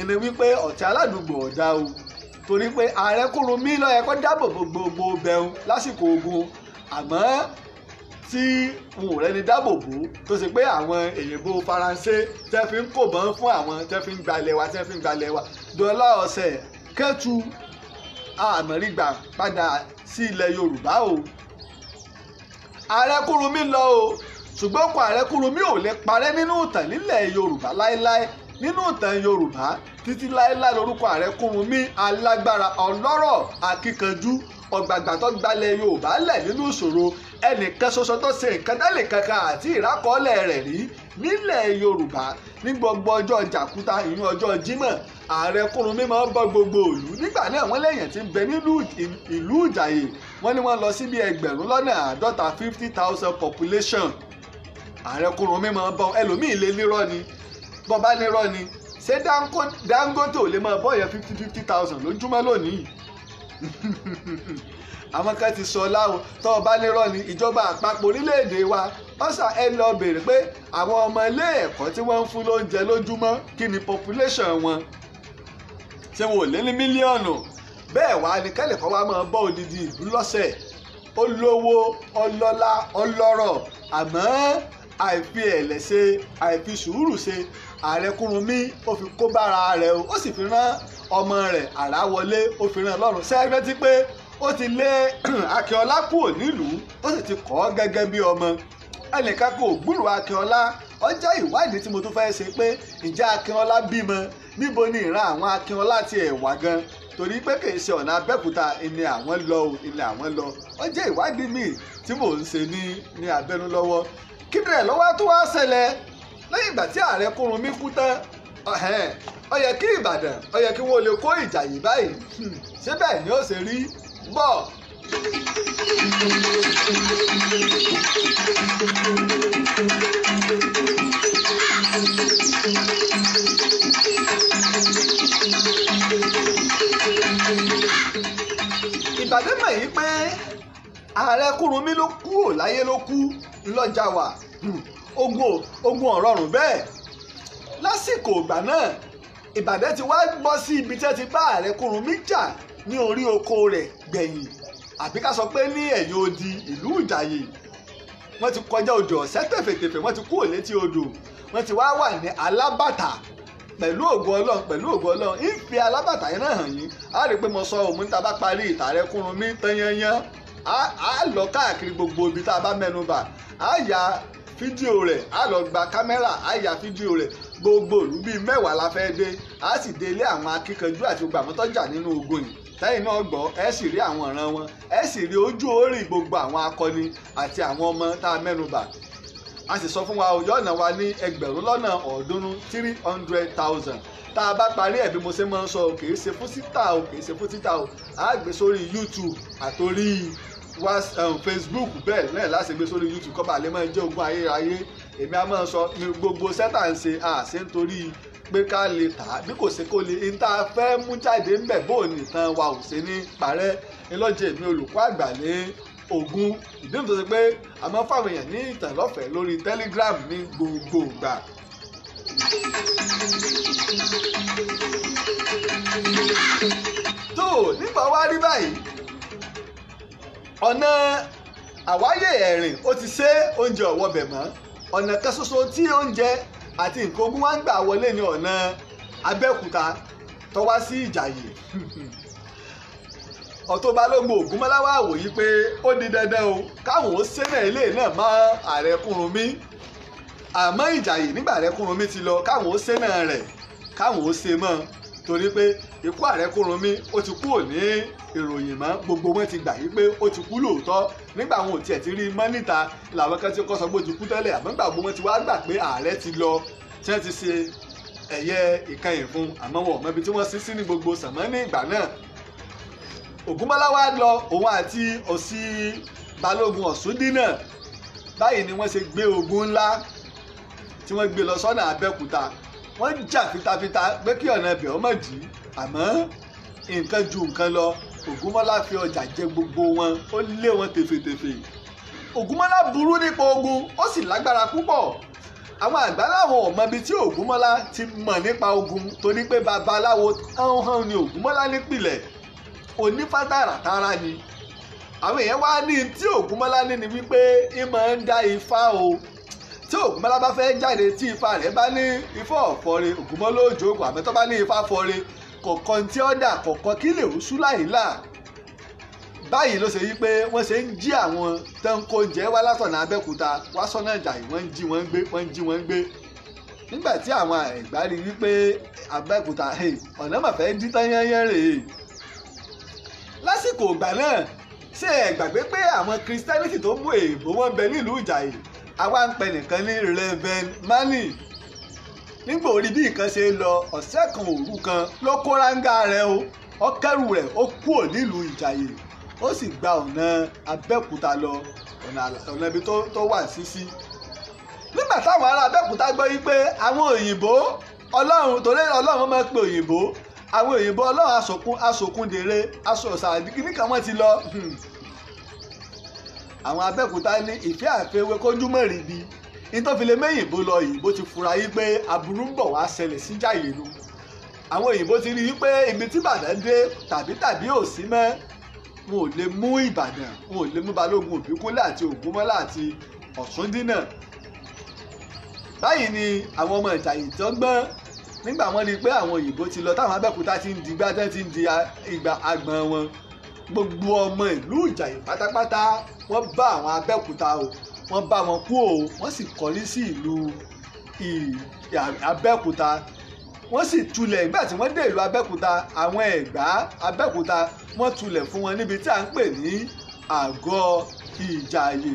ìní wípé ọ̀tí aládùúgbò ọ̀dà o torí pé ààrẹ Kúrúnmí ló yẹ kó dáàbò gbogbo bẹ̀rù lásìkò ogun àmọ́ tí wọn ò rẹ́ni dáàbò bò ó tó ṣe pé àwọn èyìnbó Faransé tẹ́ fi ń kò bọ́n fún àwọn tẹ́ fi ń gbalẹ̀ wa tẹ́ fi ń gbalẹ̀ wa dọ́là ọ̀sẹ̀ Kétu àmọ́rígbà padà sí ilẹ̀ yorùbá o àrẹkúrúmi lọ o ṣùgbọ́n ọkọ̀ àrẹkúrúmi ò lè parẹ́ nínú ìtàn nílẹ̀ yorùbá láéláé nínú ìtàn yorùbá títí láéláé lórúkọ àrẹkúrúmi alágbára ọlọ́rọ̀ akíkanjú ọ̀gbàgbà tó gbalẹ̀ Yorùbá lẹ̀ nínú ìṣòro ẹnìkan ṣoṣo tó ṣe nǹkan dálẹ̀ kankan àti ìrákọ́lẹ̀ rẹ̀ rí nílẹ̀ Yorùbá ní gbogbo ọjọ́ jàkúta ìyún ọjọ́ Jímọ̀ ààrẹ Kúrunmí máa ń bọ́ gbogbo ìlú nígbà náà wọ́n lẹ́yìn tí ń bẹ nílùú ìlú Ìjàyè wọ́n ní wọ́n lọ sí bí ẹgbẹ̀rún lọ́nà àádọ́ta fifty thousand population ààrẹ Kúrunmí máa ń bọ́ ẹlòmíì lé nírọ́ ni bọ́ba nírọ́ ni ṣé Dangote ò lè máa bọ́ yẹn fifty fifty thousand lójúmọ́ lónìí [laughs] àwọn kan ti sọ láwọn tó o bá nírọ̀ ní ìjọba àpapọ̀ orílẹ̀-èdè wa ọ̀sà ẹ lọ bèrè pé àwọn ọmọ ilé ẹ̀kọ́ tí wọ́n ń fún lóúnjẹ lójúmọ́ kí ni population wọn ṣé wọn ò lé ní mílíọ̀nù bẹ́ẹ̀ wá ni kẹ́lẹ̀kọ́ wa máa bọ́ odidi ìlú lọ́sẹ̀ olówó ọlọ́lá ọlọ́rọ̀ àmọ́ àìfi ẹ̀lẹ́ ṣe àìfi sùúrù ṣe ààrẹ mi ó fi kó bára rẹ̀ o ó sì fi rán ọmọ rẹ̀ àláwọlé ó fi rán lọ́rùn sẹ́rẹ́tì pé ó ti lé [clears throat] Akínọlá kúrò nílùú ó sì ti kọ́ gẹ́gẹ́ bí ọmọ ẹnìkan kò gbúròó Akínọlá ìwádìí tí mo tún fẹ́ ṣe pé bímọ ni ìran àwọn ti gan torí pé kì í ṣe ọ̀nà àwọn lọ o àwọn lọ ó jẹ́ ìwádìí tí mò ń ṣe ní ní lẹ́yìn ìgbà tí ààrẹ Kúrunmí kú tán ó yẹ kí Ìbàdàn ó yẹ kí wọ́n lè kó ìjà yìí báyìí hmm, ṣé ni ó ṣe rí bọ̀. Ìbàdàn mọ̀ yìí pé ààrẹ Kúrunmí ló kú láyé ló kú wà. ogun ogun ọ̀rọ̀rùn bẹ́ẹ̀ lásìkò ìgbà náà ìbàdàn ti wá gbọ́ sí ibi tẹ́ ti bá ààrẹ Kúrunmí jà ní orí oko rẹ̀ gbẹ̀yìn àbí ká sọ pé ní ẹ̀yìn odi ìlú Ìjàyè wọ́n ti kọjá odò ọ̀sẹ́ tẹ̀fẹ̀tẹ̀fẹ̀ wọ́n ti kú òlétí odò wọ́n ti wá wà ní alábàtà pẹ̀lú ògo ọlọ́run pẹ̀lú ògo ọlọ́run ń fi alábàtà yẹn náà hàn yín á rí i pé mo sọ òun tá a bá parí ìtàrẹ Kúrunmí tán yányán á lọ káàkiri gbogbo ibi tá a bá mẹ́nu bà á ya fídíò rẹ̀ á lọ gba kámẹ́rà á ya fídíò rẹ̀ gbogbo ìlú bíi mẹ́wàá la fẹ́ dé á sì dé ilé àwọn akíkanjú àti gbogbo àwọn tọ́jà nínú ogun yìí lẹ́yìn náà gbọ́ ẹ sì rí àwọn ọ̀ràn wọn ẹ sì rí ojú orí gbogbo àwọn akọni àti àwọn ọmọ tá a mẹ́nubà a sì sọ fún wa ojú ọ̀nà wa ní ẹgbẹ̀rún lọ́nà ọ̀ọ́dúnrún three hundred thousand tá a bá parí ẹ̀ bí mo ṣe máa ń sọ kì í ṣe fún síta o kì í ṣe fún síta o a gbé sórí YouTube àtòrí Eh, facebook bẹ́ẹ̀ náà láti gbé sórí youtube kọ́ba lè máa jẹ́ ogún ayérayé èmi á máa sọ gbogbo sẹ́tà ń ṣe àṣẹ nítorí pé ká lè tà á bí kò ṣe kó lè ní tá a fẹ́ mú jáde ńbẹ̀ bó ní tán wa ò ṣe ní parẹ́ ńlọ́jẹ̀ mi olùkọ́ àgbà ní ogun ìdí nìtọ́sí pé àmọ́ fáwọn èèyàn ní ìtàn lọ́fẹ̀ẹ́ lórí telegram ní gbogbo ìgbà. tó nígbà wá rí báyìí ọ̀nà àwáyé ẹ̀rìn ó ti ṣe oúnjẹ ọ̀wọ́bẹ̀ mọ́ ọ̀nà kan ṣoṣo tí oúnjẹ àti nǹkan ogun wá ń gbà wọlé ní ọ̀nà Abẹ́òkúta tó wá sí Ìjàyè [laughs] ọ̀tún balógun ògúnmọ́láwá wòye pé ó di dandan o káwọn ó sẹ́nà ilé náà mọ́ ààrẹ Kúrúnmí àmọ́ Ìjàyè nígbà ààrẹ Kúrúnmí ti lọ káwọn ó sẹ́nà rẹ̀ káwọn ó ṣe mọ́ ọ torí pé ikú ààrẹ Kúrúnmí ó ti kú òní ìròyìn mọ́ gbogbo wọn ti gbà yí pé ó ti kú lóòótọ́ nígbà wọn ò tiẹ̀ ti rí mọ́ níta làwọn kan ti kọ́ sọ pé ó ti kú tẹ́lẹ̀ àmọ́ gbàgbó wọn ti wá gbà pé ààrẹ ti lọ tí wọ́n ti ṣe ẹ̀yẹ ìkẹyìn fún àmọ́ wọn mọ ibi tí wọ́n sí sí ní gbogbo sànmọ́ ní ìgbà náà Ògúnmọ́lá wá lọ òun àti òsì balógun ọ̀ṣúndínà báyìí ni wọ́n ṣe gbé ogun ńlá tí wọ́n gbé lọ sọ́nà Abẹ́òkúta wọ́n jà fitafita pé kí ọ̀nà ibẹ̀ ọmọ dì í àmọ́ nǹkan ju nǹkan lọ ògúnmọ́lá fi ọjà jẹ gbogbo wọn ó lé wọn tefetefe ògúnmọ́lá burú nípa ogun ó sì lágbára púpọ̀ àwọn àgbà láwọn ò mọbi tí ògúnmọ́lá ti mọ̀ nípa ogun torí pé babaláwo hánhán ni ògúnmọ́lá nípìnlẹ̀ onífátàràtàrà ni àwọn èèyàn wá ní tí ògúnmọ́lá ní ni wípé ń máa ń dá ifá o tí ògúnmọ́lá bá fẹ́ jáde tí ifá rẹ̀ bá ní ifá ọ̀fọ́re ògúnmọ́ ló jókòó àmọ́ tó bá ní ifá fọ́re kọ̀ọ̀kan tí ó dà kọ̀ọ̀kan kí lè rúṣú láìlà báyìí ló ṣe yí pé wọ́n ṣe ń jí àwọn tó ń kó oúnjẹ wá látọ̀nà abẹ́òkúta wá sọ́nà ìjà yìí wọ́n ń jí wọ́n ń gbé wọ́n ń jí wọ́n ń gbé nígbà tí àwọn àgbà rí wípé abẹ́òkúta ọ̀nà màfẹ́ dín tán yányán rèé lásìkò ìgbà náà ṣé ẹ gbàgbé pé àwọn kristianity tó mú èèbó wọn bẹ nílùú ìjà yìí àwa ń pè nìkan ní Reverend Mani nígbà orí bí nǹkan ṣe lọ ọ̀sẹ̀ kan òru kan ló kó ráńgá rẹ̀ o ọkẹ́rù rẹ̀ ó kúrò nílùú Ìjàyè ó sì gba ọ̀nà Abẹ́òkúta lọ ọ̀nà ibi tó wà sísí nígbà táwọn ará Abẹ́òkúta gbọ́ yí pé àwọn òyìnbó ọlọ́run torí ọlọ́run máa ń pe òyìnbó àwọn òyìnbó ọlọ́run asòkun asòkun dèrè asòsàn àdìgí wọ́n ti lọ hmm àwọn abẹ́òkúta ní ìfẹ́ àfẹ́wé kójú mẹ́rin bí nítòfilé mẹ́yìnbó lọ òyìnbó ti fura yí pé aburú ń bọ̀ wá ṣẹlẹ̀ sí jàyè nu àwọn òyìnbó ti rí i pé ibi tí Ìbàdàn dé tàbí tàbí ò sí mẹ́ wọn ò lè mú Ìbàdàn wọn ò lè mú Balógun Òbíkúnlé àti Ògúnmọ́lá àti Ọ̀ṣúndínà báyìí ni àwọn ọmọ ìtàyè tó nígbà wọn rí pé àwọn òyìnbó ti lọ táwọn abẹ́òkúta ti ń di gbá ti ń di ìgbà àgbọn wọn gbogbo ọmọ ìlú ìjàyè pátápátá wọ́n bá àwọn abẹ́òkúta o wọ́n bá wọn kú o wọ́n sì kọ́lé sí ìlú abẹ́òkúta wọ́n sì tulẹ̀ ìgbà tí wọ́n dé ìlú abẹ́òkúta àwọn ẹ̀gbá abẹ́òkúta wọ́n tulẹ̀ fún wọn níbi tí à ń pè ní àgọ́ ìjàyè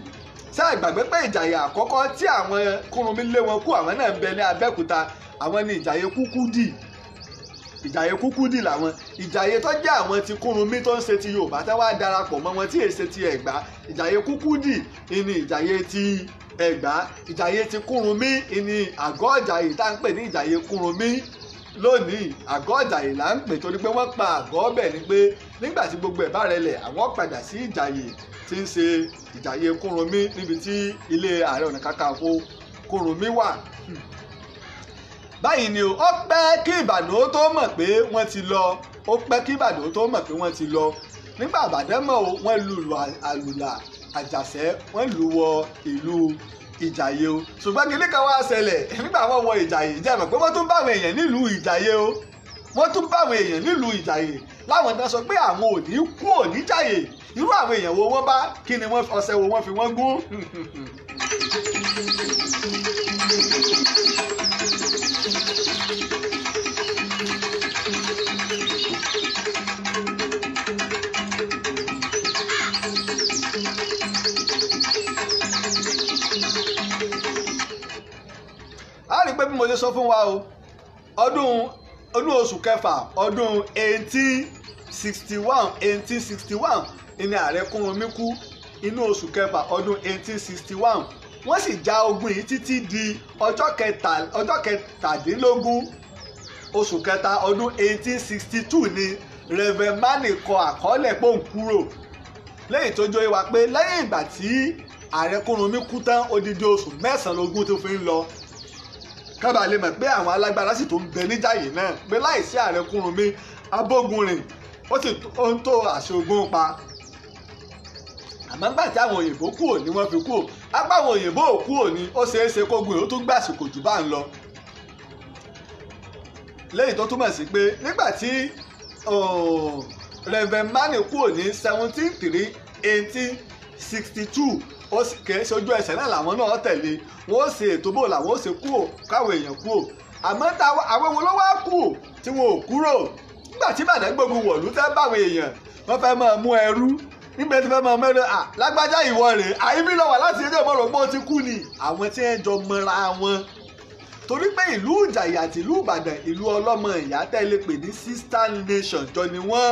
ṣé àgbàgbé pé ìjàyè àkọ́kọ́ tí àwọn kúrunmí lé wọn kú àwọn náà ń bẹ ní abẹ́òkúta àwọn ni ìjàyè kúkúdì ìjàyè kúkúdì làwọn ìjàyè tó jẹ́ àwọn ti Kúrúnmí tó ń ṣe ti Yorùbá tá wàá darapọ̀ mọ́ wọn tí èyí ṣe ti Ẹ̀gbá ìjàyè kúkúdì ìní ìjàyè ti Ẹ̀gbá ìjàyè ti Kúrúnmí ìní àgọ́ ìjàyè tá à ń pè ní ìjàyè Kúrúnmí lónìí àgọ́ ìjàyè là ń pè torí pé wọ́n pa àgọ́ ọbẹ̀ ni pé nígbà tí gbogbo ẹ̀ bá rẹlẹ̀ àwọn padà sí ìjàyè tí ń ṣe ìjàyè Kúrúnmí níbi tí ilé Ààrẹ Ọ̀nà Kakanfò Kúrúnmí wà. Hmm báyìí ni ó pẹ́ kí ìbàdàn ó tó mọ̀ pé wọ́n ti lọ ó pẹ́ kí ìbàdàn ó tó mọ̀ pé wọ́n ti lọ nígbà ìbàdàn o wọ́n lùlù àlùlà àjàṣẹ́ wọ́n lù wọ ìlú ìjàyè o ṣùgbọ́n kí nìkan wá ṣẹlẹ̀ nígbà wọ́n wọ ìjàyè jẹ́ mọ̀ pé wọ́n tún bá àwọn èèyàn nílùú ìjàyè o wọ́n tún bá àwọn èèyàn nílùú ìjàyè láwọn tán sọ pé àwọn ò ní kú ò ní jàyè irú àwọn èèyàn wo wọ́n bá kí ni wọ́n ọṣẹ wo wọ́n fi wọ́n gún. [laughs] pé bí mo ṣe sọ fún wa o ọdún ọdún oṣù kẹfà ọdún eighteen sixty one eighteen sixty one ni ààrẹ Kúrúnmí kú inú oṣù kẹfà ọdún eighteen sixty one wọ́n sì ja ogun yìí títí di ọjọ́ kẹtàdínlógún oṣù kẹta ọdún 1862 ni Reverend Mani kọ àkọọ́lẹ̀ pòun kúrò lẹ́yìn tó jọ ìwà pé lẹ́yìn ìgbà tí ààrẹ Kúrúnmí kú tán odidi oṣù mẹ́sàn-án ogún tó fi ń lọ kábàá lè mọ̀ pé àwọn alágbára sì tó ń bẹ níjàyè náà pé láìsí ààrẹ Kúrúnmí abógunrin ó sì ń tó àṣẹ pa àmọ́ nígbà tí àwọn òyìnbó kú ò ní wọ́n fi kú ò apá àwọn òyìnbó ò kú ò ní ó ṣeé ṣe kó gun èyí ó tún gbà àsìkò jù bá ń lọ. lẹ́yìn tó túmọ̀ sí pé nígbà tí Reverend Mani kú ò ní seventeen three eighteen sixty two ó kìí ṣe ojú ẹsẹ̀ náà làwọn náà tẹ̀lé wọ́n ó ṣe ètò bò làwọn ó ṣe kú ò káwọn èèyàn kú ò àmọ́ àwọn ewo ló wá kú ò tí wọn ò kúrò nígbà tí Ìbàdàn gbógun wọ̀lú fẹ́ nígbà tí fẹ́ máa mẹ́rin à lágbájá ìwọ rẹ̀ àyíbí lọ láti ẹjọ́ ìmọ̀ràn pé ti kú ni àwọn tí ẹ jọ mọra wọn torí pé ìlú ìjàyè àti ìlú ìbàdàn ìlú ọlọ́mọ ìyá tẹ́lẹ̀ pè ní sister nation jọ ni wọ́n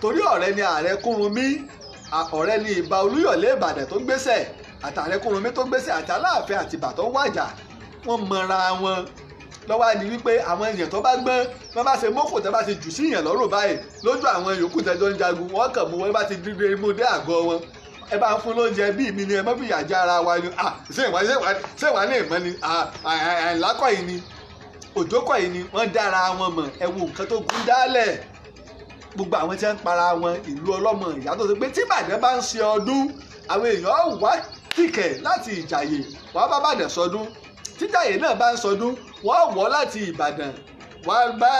torí ọ̀rẹ́ ni ààrẹ kúrunmí ọ̀rẹ́ ni ìbà olúyọ̀lé ìbàdàn tó gbéṣẹ̀ àtàrẹ kúrunmí tó gbéṣẹ̀ àti aláàfin àtìbà tó wàjà wọ́n mọra wọn lọ́wọ́ ni wípé àwọn èèyàn tó bá gbọ́n wọ́n bá ṣe mọ́kò tó bá ṣe jù sí èèyàn lọ́rùn báyìí lójú àwọn yòókù tẹ́jọ́ ń jagun wọ́n kàn mú wọn bá ti dídé mú dé àgọ́ wọn ẹ bá fún lóúnjẹ bíi mi ni ẹ má fi ara wa ni ah ṣéwà ṣéwà ṣéwà ní ìmọ̀ ni ah, àìlákọ̀ yìí ni òjókọ̀ yìí ni wọ́n dára wọn mọ̀ ẹ wo nǹkan tó kún dálẹ̀ gbogbo àwọn tí wọ́n ń para wọn ìlú ọlọ́mọ ìyàtọ̀ tó pé tí Ìbàdàn bá ń ṣe ọdún àwọn èèyàn wá tìkẹ̀ láti Ìjàyè wàá bá Ìbàdàn sọdún tíjàyè náà bá ń sọdún wọ́n wọ́ láti ìbàdàn wá bá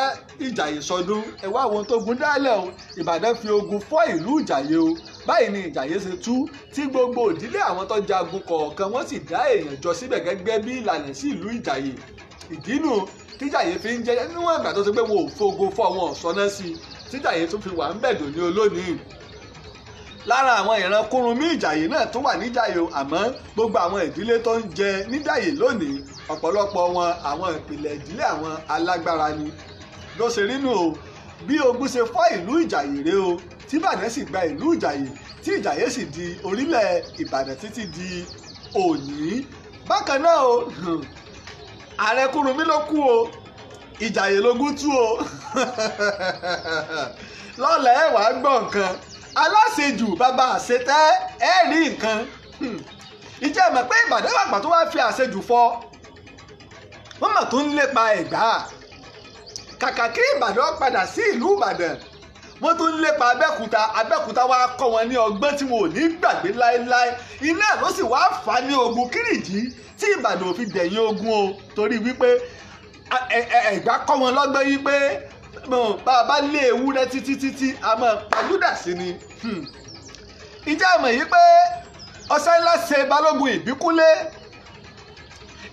ìjàyè sọdún ẹ wá àwọn tó gun dálẹ̀ o ìbàdàn fi ogun fọ́ ìlú ìjàyè o báyìí ni ìjàyè ṣe tú tí gbogbo ìdílé àwọn tó jagun kọ̀ọ̀kan wọ́n sì dá èèyàn jọ síbẹ̀ gẹ́gẹ́ bí ìlànà sí ìlú ìjàyè ìdínú tíjàyè fi ń jẹ níwọ̀n ìgbà tó ṣe pé wọn ò fogo fọ́ wọn ò sọ náà sí tíjàyè tún fi wà ń bẹ̀dùn ní olónìí lára àwọn ìran Kúrúnmí Ìjàyè náà tó wà níjàyè o àmọ́ gbogbo àwọn ìdílé tó ń jẹ níjàyè lónìí ọ̀pọ̀lọpọ̀ wọn àwọn ìpìlẹ̀ ìdílé àwọn alágbára ni ló ṣe rí nù o bí ogun ṣe fọ́ ìlú Ìjàyè rèé o tí Ìbàdàn sì gba ìlú Ìjàyè tí Ìjàyè sì di orílẹ̀ Ìbàdàn títí di òní bákan náà o ààrẹ Kúrúnmí ló kú o Ìjàyè lógún tú o [laughs] lọ́lẹ̀ ẹ̀ wá gbọ̀ǹkan aláṣejù bàbá àṣetẹ́ ẹ rí nǹkan ìjẹ́ hmm. mọ̀ pé ìbàdàn àgbà tó wá fi àṣejù fọ wọ́n mọ̀ tó ń lépa ẹ̀gbá kàkà kí ìbàdàn padà sí ìlú ìbàdàn wọ́n tó ń lépa abẹ́kúta abẹ́kúta wá kọ́ wọn ní ọgbọ́n tí wọn ò ní gbàgbé láéláé iná ló sì wá fà á ní ogun kírìjì tí ìbàdàn ò fi dẹ̀yìn ogun o torí wípé ẹ̀gbá kọ́ wọn lọ́gbọ́n yí bá a bá lé ewúrẹ́ títí títí a máa pàjúdà sí ni. ìjà hmm. àmọ̀ yìí pé ọ̀sẹ̀ ńlá ṣe balógun ìbíkúnlé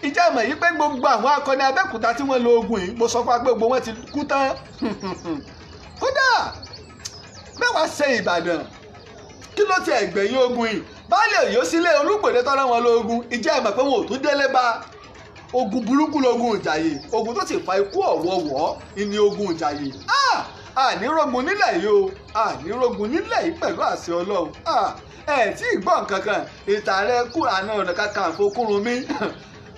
ìjà àmọ̀ yìí pé gbogbo àwọn akọni abẹ́kúta tí wọ́n lo ogun yìí mo sọ fún wa pé gbogbo wọn ti kú tán [laughs] kódà mẹ́wàá ṣe ìbàdàn kí ló ti ẹ̀gbẹ̀yìn ogun yìí baálé òyìnbó sílé olúgbòde tọ́lá wọn lóògùn ìjà àmọ̀ pé wọn ò tún délé bá a ogun burúkú lógun ìjàyè ogun tó sì fa ikú ọ̀wọ̀ọ̀wọ́ ìní ogun ìjàyè ànírògùn nílẹ̀ yìí o ànírògùn nílẹ̀ yìí pẹ̀lú àṣẹ ọlọ́run ẹ tí ì gbọ́ nǹkan kan ìtàn rẹ kú àná ọ̀nà kakanfò Kúrúnmí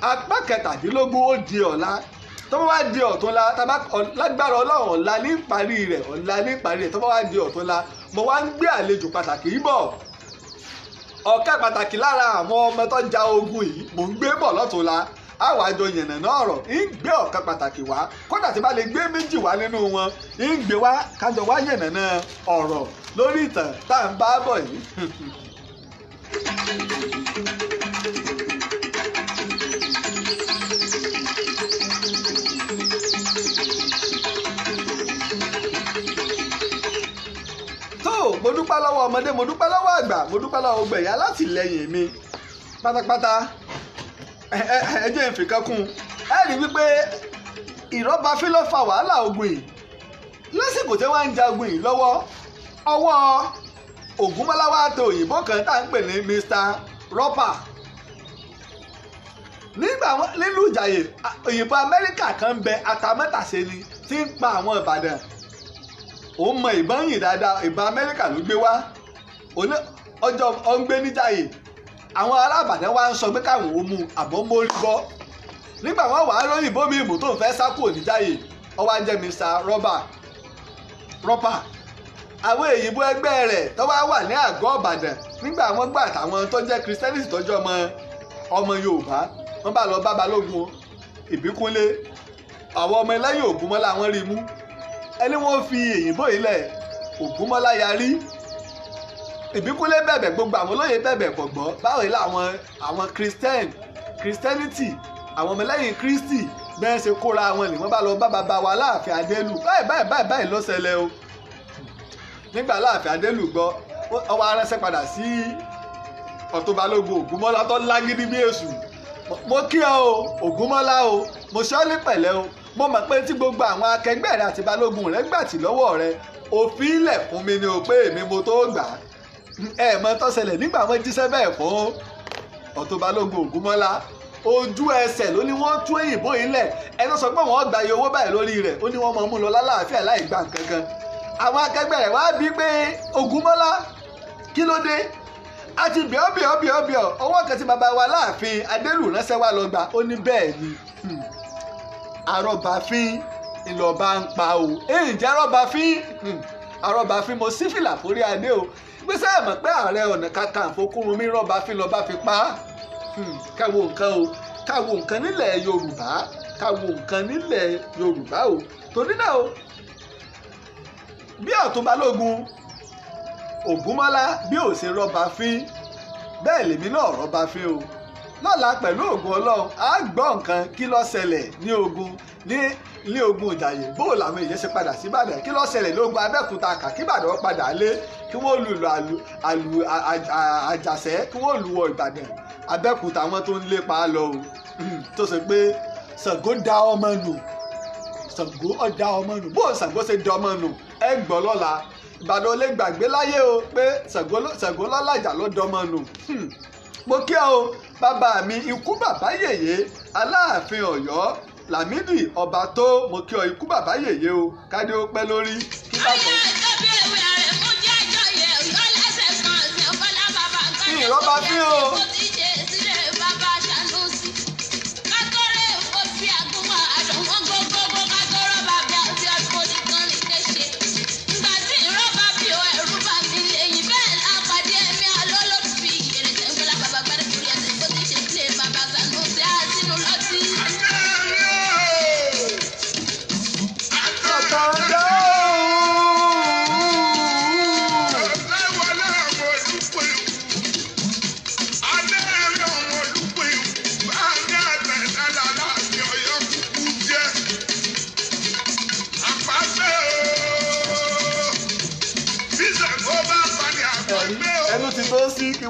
apá kẹtàdínlógún ó di ọ̀la tó bá wá di ọ̀túnla lágbára ọlọ́run ọ̀la ní parí rẹ̀ ọ̀la ní parí rẹ̀ tó bá wá di ọ̀túnla mo wá ń gbé àlejò pàtàkì yìí bọ̀ ọ̀kẹ́ pàtàkì lára àwọn ọmọ tó ja ogun yìí mò ń gbé bọ̀ lọ́túnla àwa jọ yànnà náà ọ̀rọ̀ ń gbé ọ̀kan pàtàkì wá kódà tí bá lè gbé méjì wá nínú wọn ń gbé wá kájọ wá yànnà náà ọ̀rọ̀ lórí ìtàn tá à ń bá bọ̀ yìí. [laughs] mo dúpẹ́ lọ́wọ́ ọmọdé mo dúpẹ́ lọ́wọ́ àgbà mo dúpẹ́ lọ́wọ́ gbẹ̀yà látìlẹ́yìn mi pátápátá ẹjọ́ ìfìkan kún ẹ rí wípé ìrọ́bà fílọ́ fa wàhálà ogun yìí lásìkò tí wọ́n ń jagun yìí lọ́wọ́ ọwọ́ ògúnmọ́láwá tó òyìnbó kan tá à ń pè ní Mr. Roper nígbà nílùú ìjàyè òyìnbó Amẹ́ríkà kan ń bẹ atamẹ́tàṣe ni tí ń pa àwọn Ìbàdàn òun mọ ìbọn yìí dáadáa ìbọn Amẹ́ríkà ló gbé wá ọjọ́ ọ̀ngbẹ́ níjàyè àwọn alábàdàn wa ń sọ pé káwọn ò mú àbọ̀ mórí gbọ́ nígbà wọn wàá lóyìn bómi ìbò tó ń fẹ́ sá kúrò níjàyè ọwọ́ ajẹ́ Mr. Robert Roper àwọn èyìnbó ẹgbẹ́ rẹ̀ tó wá wà ní àgọ́ ọ̀bàdàn nígbà wọn gbà àtàwọn tó jẹ́ Christianity tọ́jú ọmọ ọmọ Yorùbá wọn bá lọ bá Balógun Ìbíkúnlé àwọn ọmọ ẹlẹ́yìn Ògúnmọ́lá wọn rí mú ẹni wọn fi èyìnbó yìí lẹ̀ Ògúnmọ́lá yarí ìbíkúlé bẹ̀bẹ̀ gbogbo àwọn olóyè bẹ̀bẹ̀ kò gbọ́ báwo ni àwọn àwọn christian christianity àwọn ọmọlẹ́yìn kristi bẹ́ẹ̀ ṣe kóra wọn ni wọ́n bá lọ bá bàbá wa láàfin adélù báyìí báyìí báyìí báyìí ló ṣẹlẹ̀ o nígbà láàfin adélù gbọ́ ọwọ́ aránṣẹ́ padà sí ọ̀túnbalógun ògúnmọ́lá tó lágídí bí èṣù mo kí ọ o ògúnmọ́lá o mo ṣọ́ ní pẹ̀lẹ́ o mo mọ̀ pé tí gbogbo àwọn akẹgbẹ́ rẹ àti balógun rẹ gbàtì lọ́wọ́ rẹ òfin ilẹ̀ fún mi ni o pé èmi mo tó gbà á ẹ mọ tọ́sẹ̀lẹ̀ nígbà wọn jíṣẹ́ bẹ́ẹ̀ fún Ọ̀tún Balógun Ògúnmọ́lá ojú ẹsẹ̀ ló ní wọ́n tú èyìnbó yìí lẹ̀ ẹni sọ pé wọ́n gba iye owó báyìí lórí rẹ̀ ó ní wọ́n máa mú lọ lálàáfíà láì gbà kankan àwọn akẹgbẹ́ rẹ̀ wá bí pé Ògúnmọ́lá kí ló dé a ti bíọ́ bíọ́ bíọ́ bíọ́ ọwọ́ kan tí bàbá wa láàfin adélù ránṣẹ́ wa lọ gbà ó ní bẹ́ẹ̀ ni àrọ̀bàfin hmm. ìlọ̀ba ń pa o èyí jẹ́ àrọ̀bàfin àrọ̀bàfin hmm. mo sífìlà forí adé o gbèsè àmọ́ pé ààrẹ ọ̀nà kakanfò Kúrúnmí rọ́bà fi lọ́ba fi pa á hmm, káwo nǹkan o káwo nǹkan nílẹ̀ Yorùbá káwo nǹkan nílẹ̀ Yorùbá o torí náà o bí Ọ̀túnba Balógun Ògúnmọ́lá bí ò ṣe rọ́bà fín bẹ́ẹ̀ lèmi náà rọ́bà fín o lọ́la pẹ̀lú ògùn ọlọ́run á gbọ́ nǹkan kí ló ṣẹlẹ̀ ní ogun ní ilé ogun ìjàyè bó làwọn èèyàn ṣe padà sí ìbàdàn kí ló ṣẹlẹ̀ lógun abẹ́òkúta kà kí ìbàdàn wọn padà lé kí wọ́n lù lù àlù àjàṣẹ́ kí wọ́n lù wọ ìbàdàn abẹ́òkúta wọn tó ń lépa lọ o tó ṣe pé ṣàngó dá ọmọ nù ṣàngó ọ̀dá ọmọ nù bó ṣàngó ṣe dá ọmọ nù ẹ gbọ́ lọ́la ìbàdàn olè gbàgbé láyé o pé ṣàngó lọ́làjà ló dá ọmọ nù hmm. mo kí ọ bàbá mi ikú bàbá yèyé aláàfin ọ̀yọ́ lámìdí ọba tó mo kí ọ ikú bàbá yèyé o kádé ó pẹ́ lórí kí bá kọ́.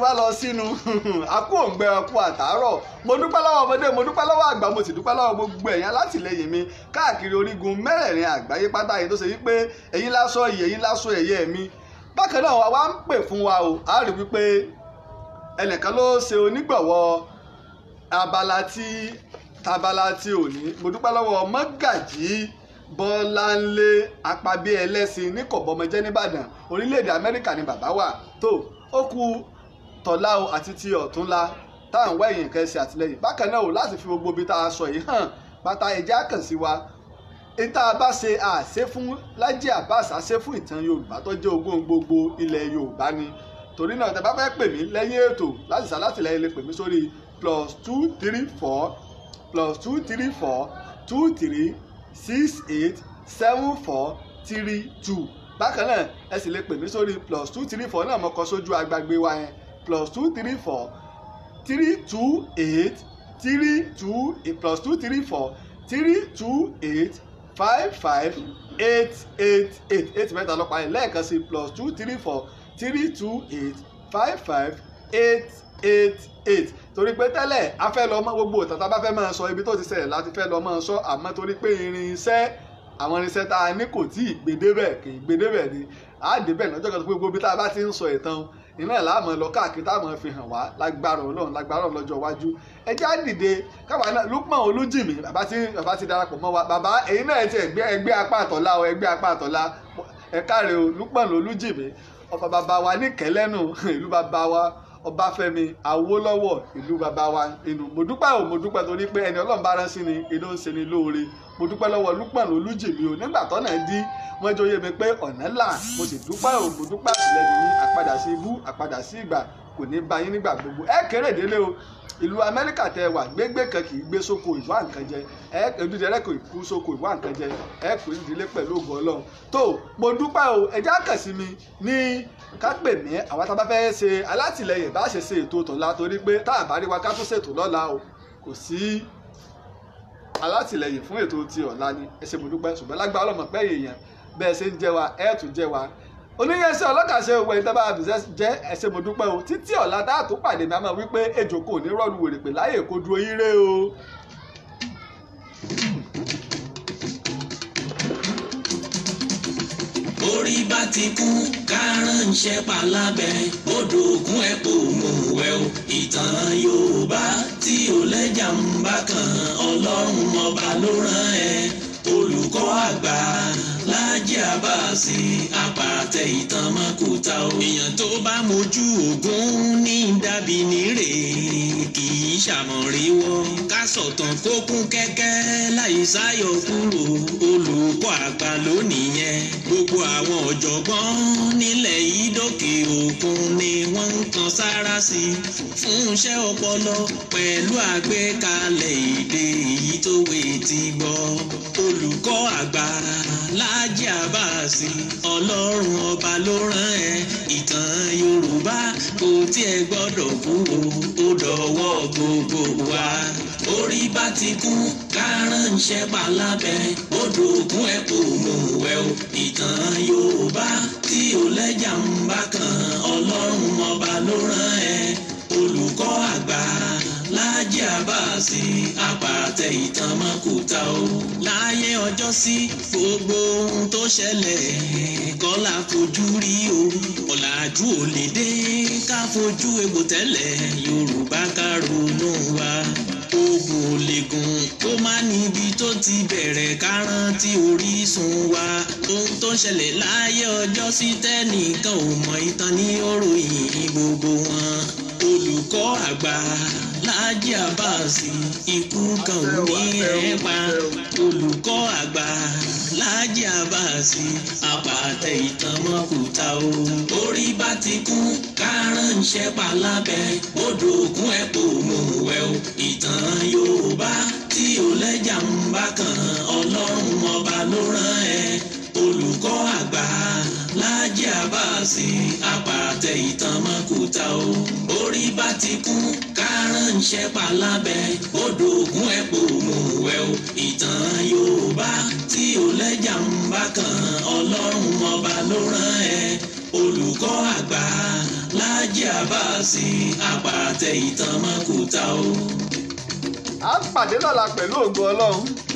bá lọ sínú akú òǹgbẹ akú àtàárọ̀ mo dúpẹ́ lọ́wọ́ ọmọdé mo dúpẹ́ lọ́wọ́ àgbà mo sì dúpẹ́ lọ́wọ́ gbogbo ẹ̀yin alátìlẹyìn mi káàkiri orígun mẹ́rẹ̀ẹ̀rin àgbáyé pátá yìí tó ṣe wípé èyí lásọ iyì èyí lásọ ẹ̀yẹ mi bákan náà wa wá ń pè fún wa o a rí wípé ẹnìkan ló ṣe onígbọ̀wọ́ abala tí tabala tí ò ní mo dúpẹ́ lọ́wọ́ mọ́gàjì bọ́láńlé apábí ẹlẹ́sìn ní kọ̀bọ́mọjẹ́ nìbàdàn orílẹ̀-èdè ni bàbá wà tó ó kú tọ̀la o àti ti ọ̀túnla tá à ń wá èèyàn kẹsì àtìlẹ́yìn bákan náà o láti fi gbogbo ibi tá a sọ yìí hàn bàtà ẹ̀jẹ̀ àkàn sí wa ìta bá ṣe àṣẹ fún Laji Abbas àṣẹ fún ìtàn Yorùbá tó jẹ́ ogún gbogbo ilẹ̀ Yorùbá ni torí náà tẹ́ fẹ́ pè mí lẹ́yìn ètò láti ṣàlátìlẹ́yìn lè pè mí sórí plus two three four plus two three four two three six eight seven four three two bákan náà ẹ sì lè pè mí sórí plus two three four náà mo kọ sójú agbágbé wa yẹn plus two three four three two eight three two eight plus two three four three two eight five five eight eight eight eight mẹ́ta lọ́pàá yẹn lẹ́ẹ̀kan sí plus two three four three two eight five five eight eight eight torí pé tẹ́lẹ̀ a fẹ́ lọ mọ gbogbo tàtà bá fẹ́ máa sọ ibi tó ti ṣẹlẹ̀ láti fẹ́ lọ máa sọ àmọ́ torí pé irinṣẹ́ àwọn irinṣẹ́ tá a ní kò tí ì gbé débẹ̀ kì í gbé débẹ̀ ni àá débẹ̀ lọ́jọ́ kan tó pé gbogbo ibi tá a bá ti ń sọ ìtàn iná láàmú lọ káàkiri táwọn fi hàn wá lágbára ọlọ́run lágbára ọlọ́run lọ́jọ́ iwájú ẹ jẹ́ á dìde káwa náà Lukman Olújìmí bàbá tí bàbá ti darapọ̀ mọ́ wa bàbá èyí náà ẹ ti ẹgbẹ́ ẹgbẹ́ apá àtọ̀lá o ẹgbẹ́ apá àtọ̀lá ẹ káre o Lukman Olújìmí ọba bàbá wa níkẹ́lẹ́nu [laughs] ìlú bàbá wa Ọbáfẹ́mi Awólọ́wọ̀ ìlú bàbá wa inú mo dúpẹ́ o mo dúpẹ́ torí pé ẹni Ọlọ́run bá rán sí ni inú ń ṣe lóore mo dúpẹ́ lọ́wọ́ Lukman Olújìmí o nígbà tọ́nà dí wọ́n jẹ́ oyè mi pé ọ̀nà là mo sì dúpẹ́ o mo dúpẹ́ àtìlẹ́yìn yín àpadà sí ibú àpadà sí ìgbà kò ní bá nígbà gbogbo ẹ kéré délé o ìlú Amẹ́ríkà tẹ wà gbégbé kan kì í gbé sóko ìwá nǹkan jẹ ẹ ẹdún jẹrẹ kò kú sóko ìwá nǹkan jẹ ẹ kò ní ìdílé pẹ̀lú ògo Ọlọ́run tó mo dúpẹ́ o ẹjẹ́ àkàsí mi ní ká pè mí àwọn tá a bá fẹ́ ṣe alátìlẹyìn bá ṣe ṣe ètò tòun la torí pé tá a bá rí wa ká tún ṣètò lọ́la o kò sí alátìlẹyìn fún ètò ti ọ̀la ni ẹ ṣé mo dúpẹ́ ṣùgbọ́n lágbára ọlọ́mọ pé èèyàn bẹ́ẹ̀ ṣe ń jẹ́ wa ẹ̀ tún jẹ́ wa oníyẹnsẹ ọlọ́kàṣe owó ẹni tábà àbíṣẹ́ jẹ́ ẹ ṣé mo dúpẹ́ o títí ọ̀la tá a tún pàdé mi a máa wí pé ejò kò ní rọ́ọ̀lù wèrèpè láyè kó dúró yín o. orí bá ti kú kárànṣẹ́ palábẹ́ odò ògùn ẹ̀ kò mú wẹ̀ o ìtàn Yorùbá tí ò lẹ́jà ń bá kan ọlọ́run ọba ló rán ẹ olùkọ́ àgbà. Alhaji Abbas apàtẹ ìtàn mọ́kúta o. èèyàn tó bá mojú ogun ní dàbí nírè kì í ṣàmọ̀ríwọ́. ká sọ̀tàn kó kún kẹ́kẹ́ láì sáyọ kúrò olùkọ́ àgbà lónìí yẹn. gbogbo àwọn ọ̀jọ̀gbọ́n nílẹ̀ yìí òkun ni wọ́n ń kan sára sí i fún iṣẹ́ ọpọlọ pẹ̀lú àgbékalẹ̀ èdè èyí tó wé ti gbọ́ olùkọ́ àgbà láì. Alhaji Abbas ọlọ́run ọba ló rán ẹ ìtàn Yorùbá kò tiẹ̀ gbọ́dọ̀ kú o ó dọ̀wọ́ gbogbo wa orí bá ti kú kárán ń ṣẹ́pà lábẹ́ odò òkun ẹ̀ kò mú wẹ̀ o ìtàn Yorùbá tí ò lẹ́jà ń bá kan ọlọ́run ọba ló rán ẹ olùkọ́ àgbà. Láàjì Àbáàsì apàtẹ ìtàn mọ́kúta o. Láyé ọjọ́ sí gbogbo ohun tó ṣẹlẹ̀ kọ́lá fojú rí o. Ọ̀làjú ò lè dé ká fojú egbò tẹ́lẹ̀ Yorùbá ká ronú wa ògùn òlègùn tó máa níbi tó ti bẹ̀rẹ̀ ká rántí orísun wa ohun tó ń ṣẹlẹ̀ láyé ọjọ́ sí tẹ́nìkan ò mọ ìtàn ní òròyìn gbogbo wọn olùkọ́ àgbà Láàjì Àbáàsì ikú kan ò ní ẹ pa olùkọ́ àgbà Láàjì Àbáàsì àpàtẹ ìtàn mọ́kùtà o. orí bá ti kú kárànṣẹ́ palábẹ́ odò òkun ẹ̀ kò mú wẹ́ o ìtàn kan Yorùbá tí ò lẹ́jà ń bá kan Ọlọ́run ọba ló rán ẹ olùkọ́ àgbà Láàjì Àbáàsì apàtẹ ìtàn mọ́kúta o orí bá ti kú kárànṣẹ́ palábẹ́ odò ògùn ẹ̀ pò o ìtàn Yorùbá tí ò lẹ́jà ń bá kan Ọlọ́run ọba ló rán ẹ olùkọ́ àgbà Láàjì Àbáàsì apàtẹ ìtàn mọ́kúta o á lọ́la pẹ̀lú ògo Ọlọ́run.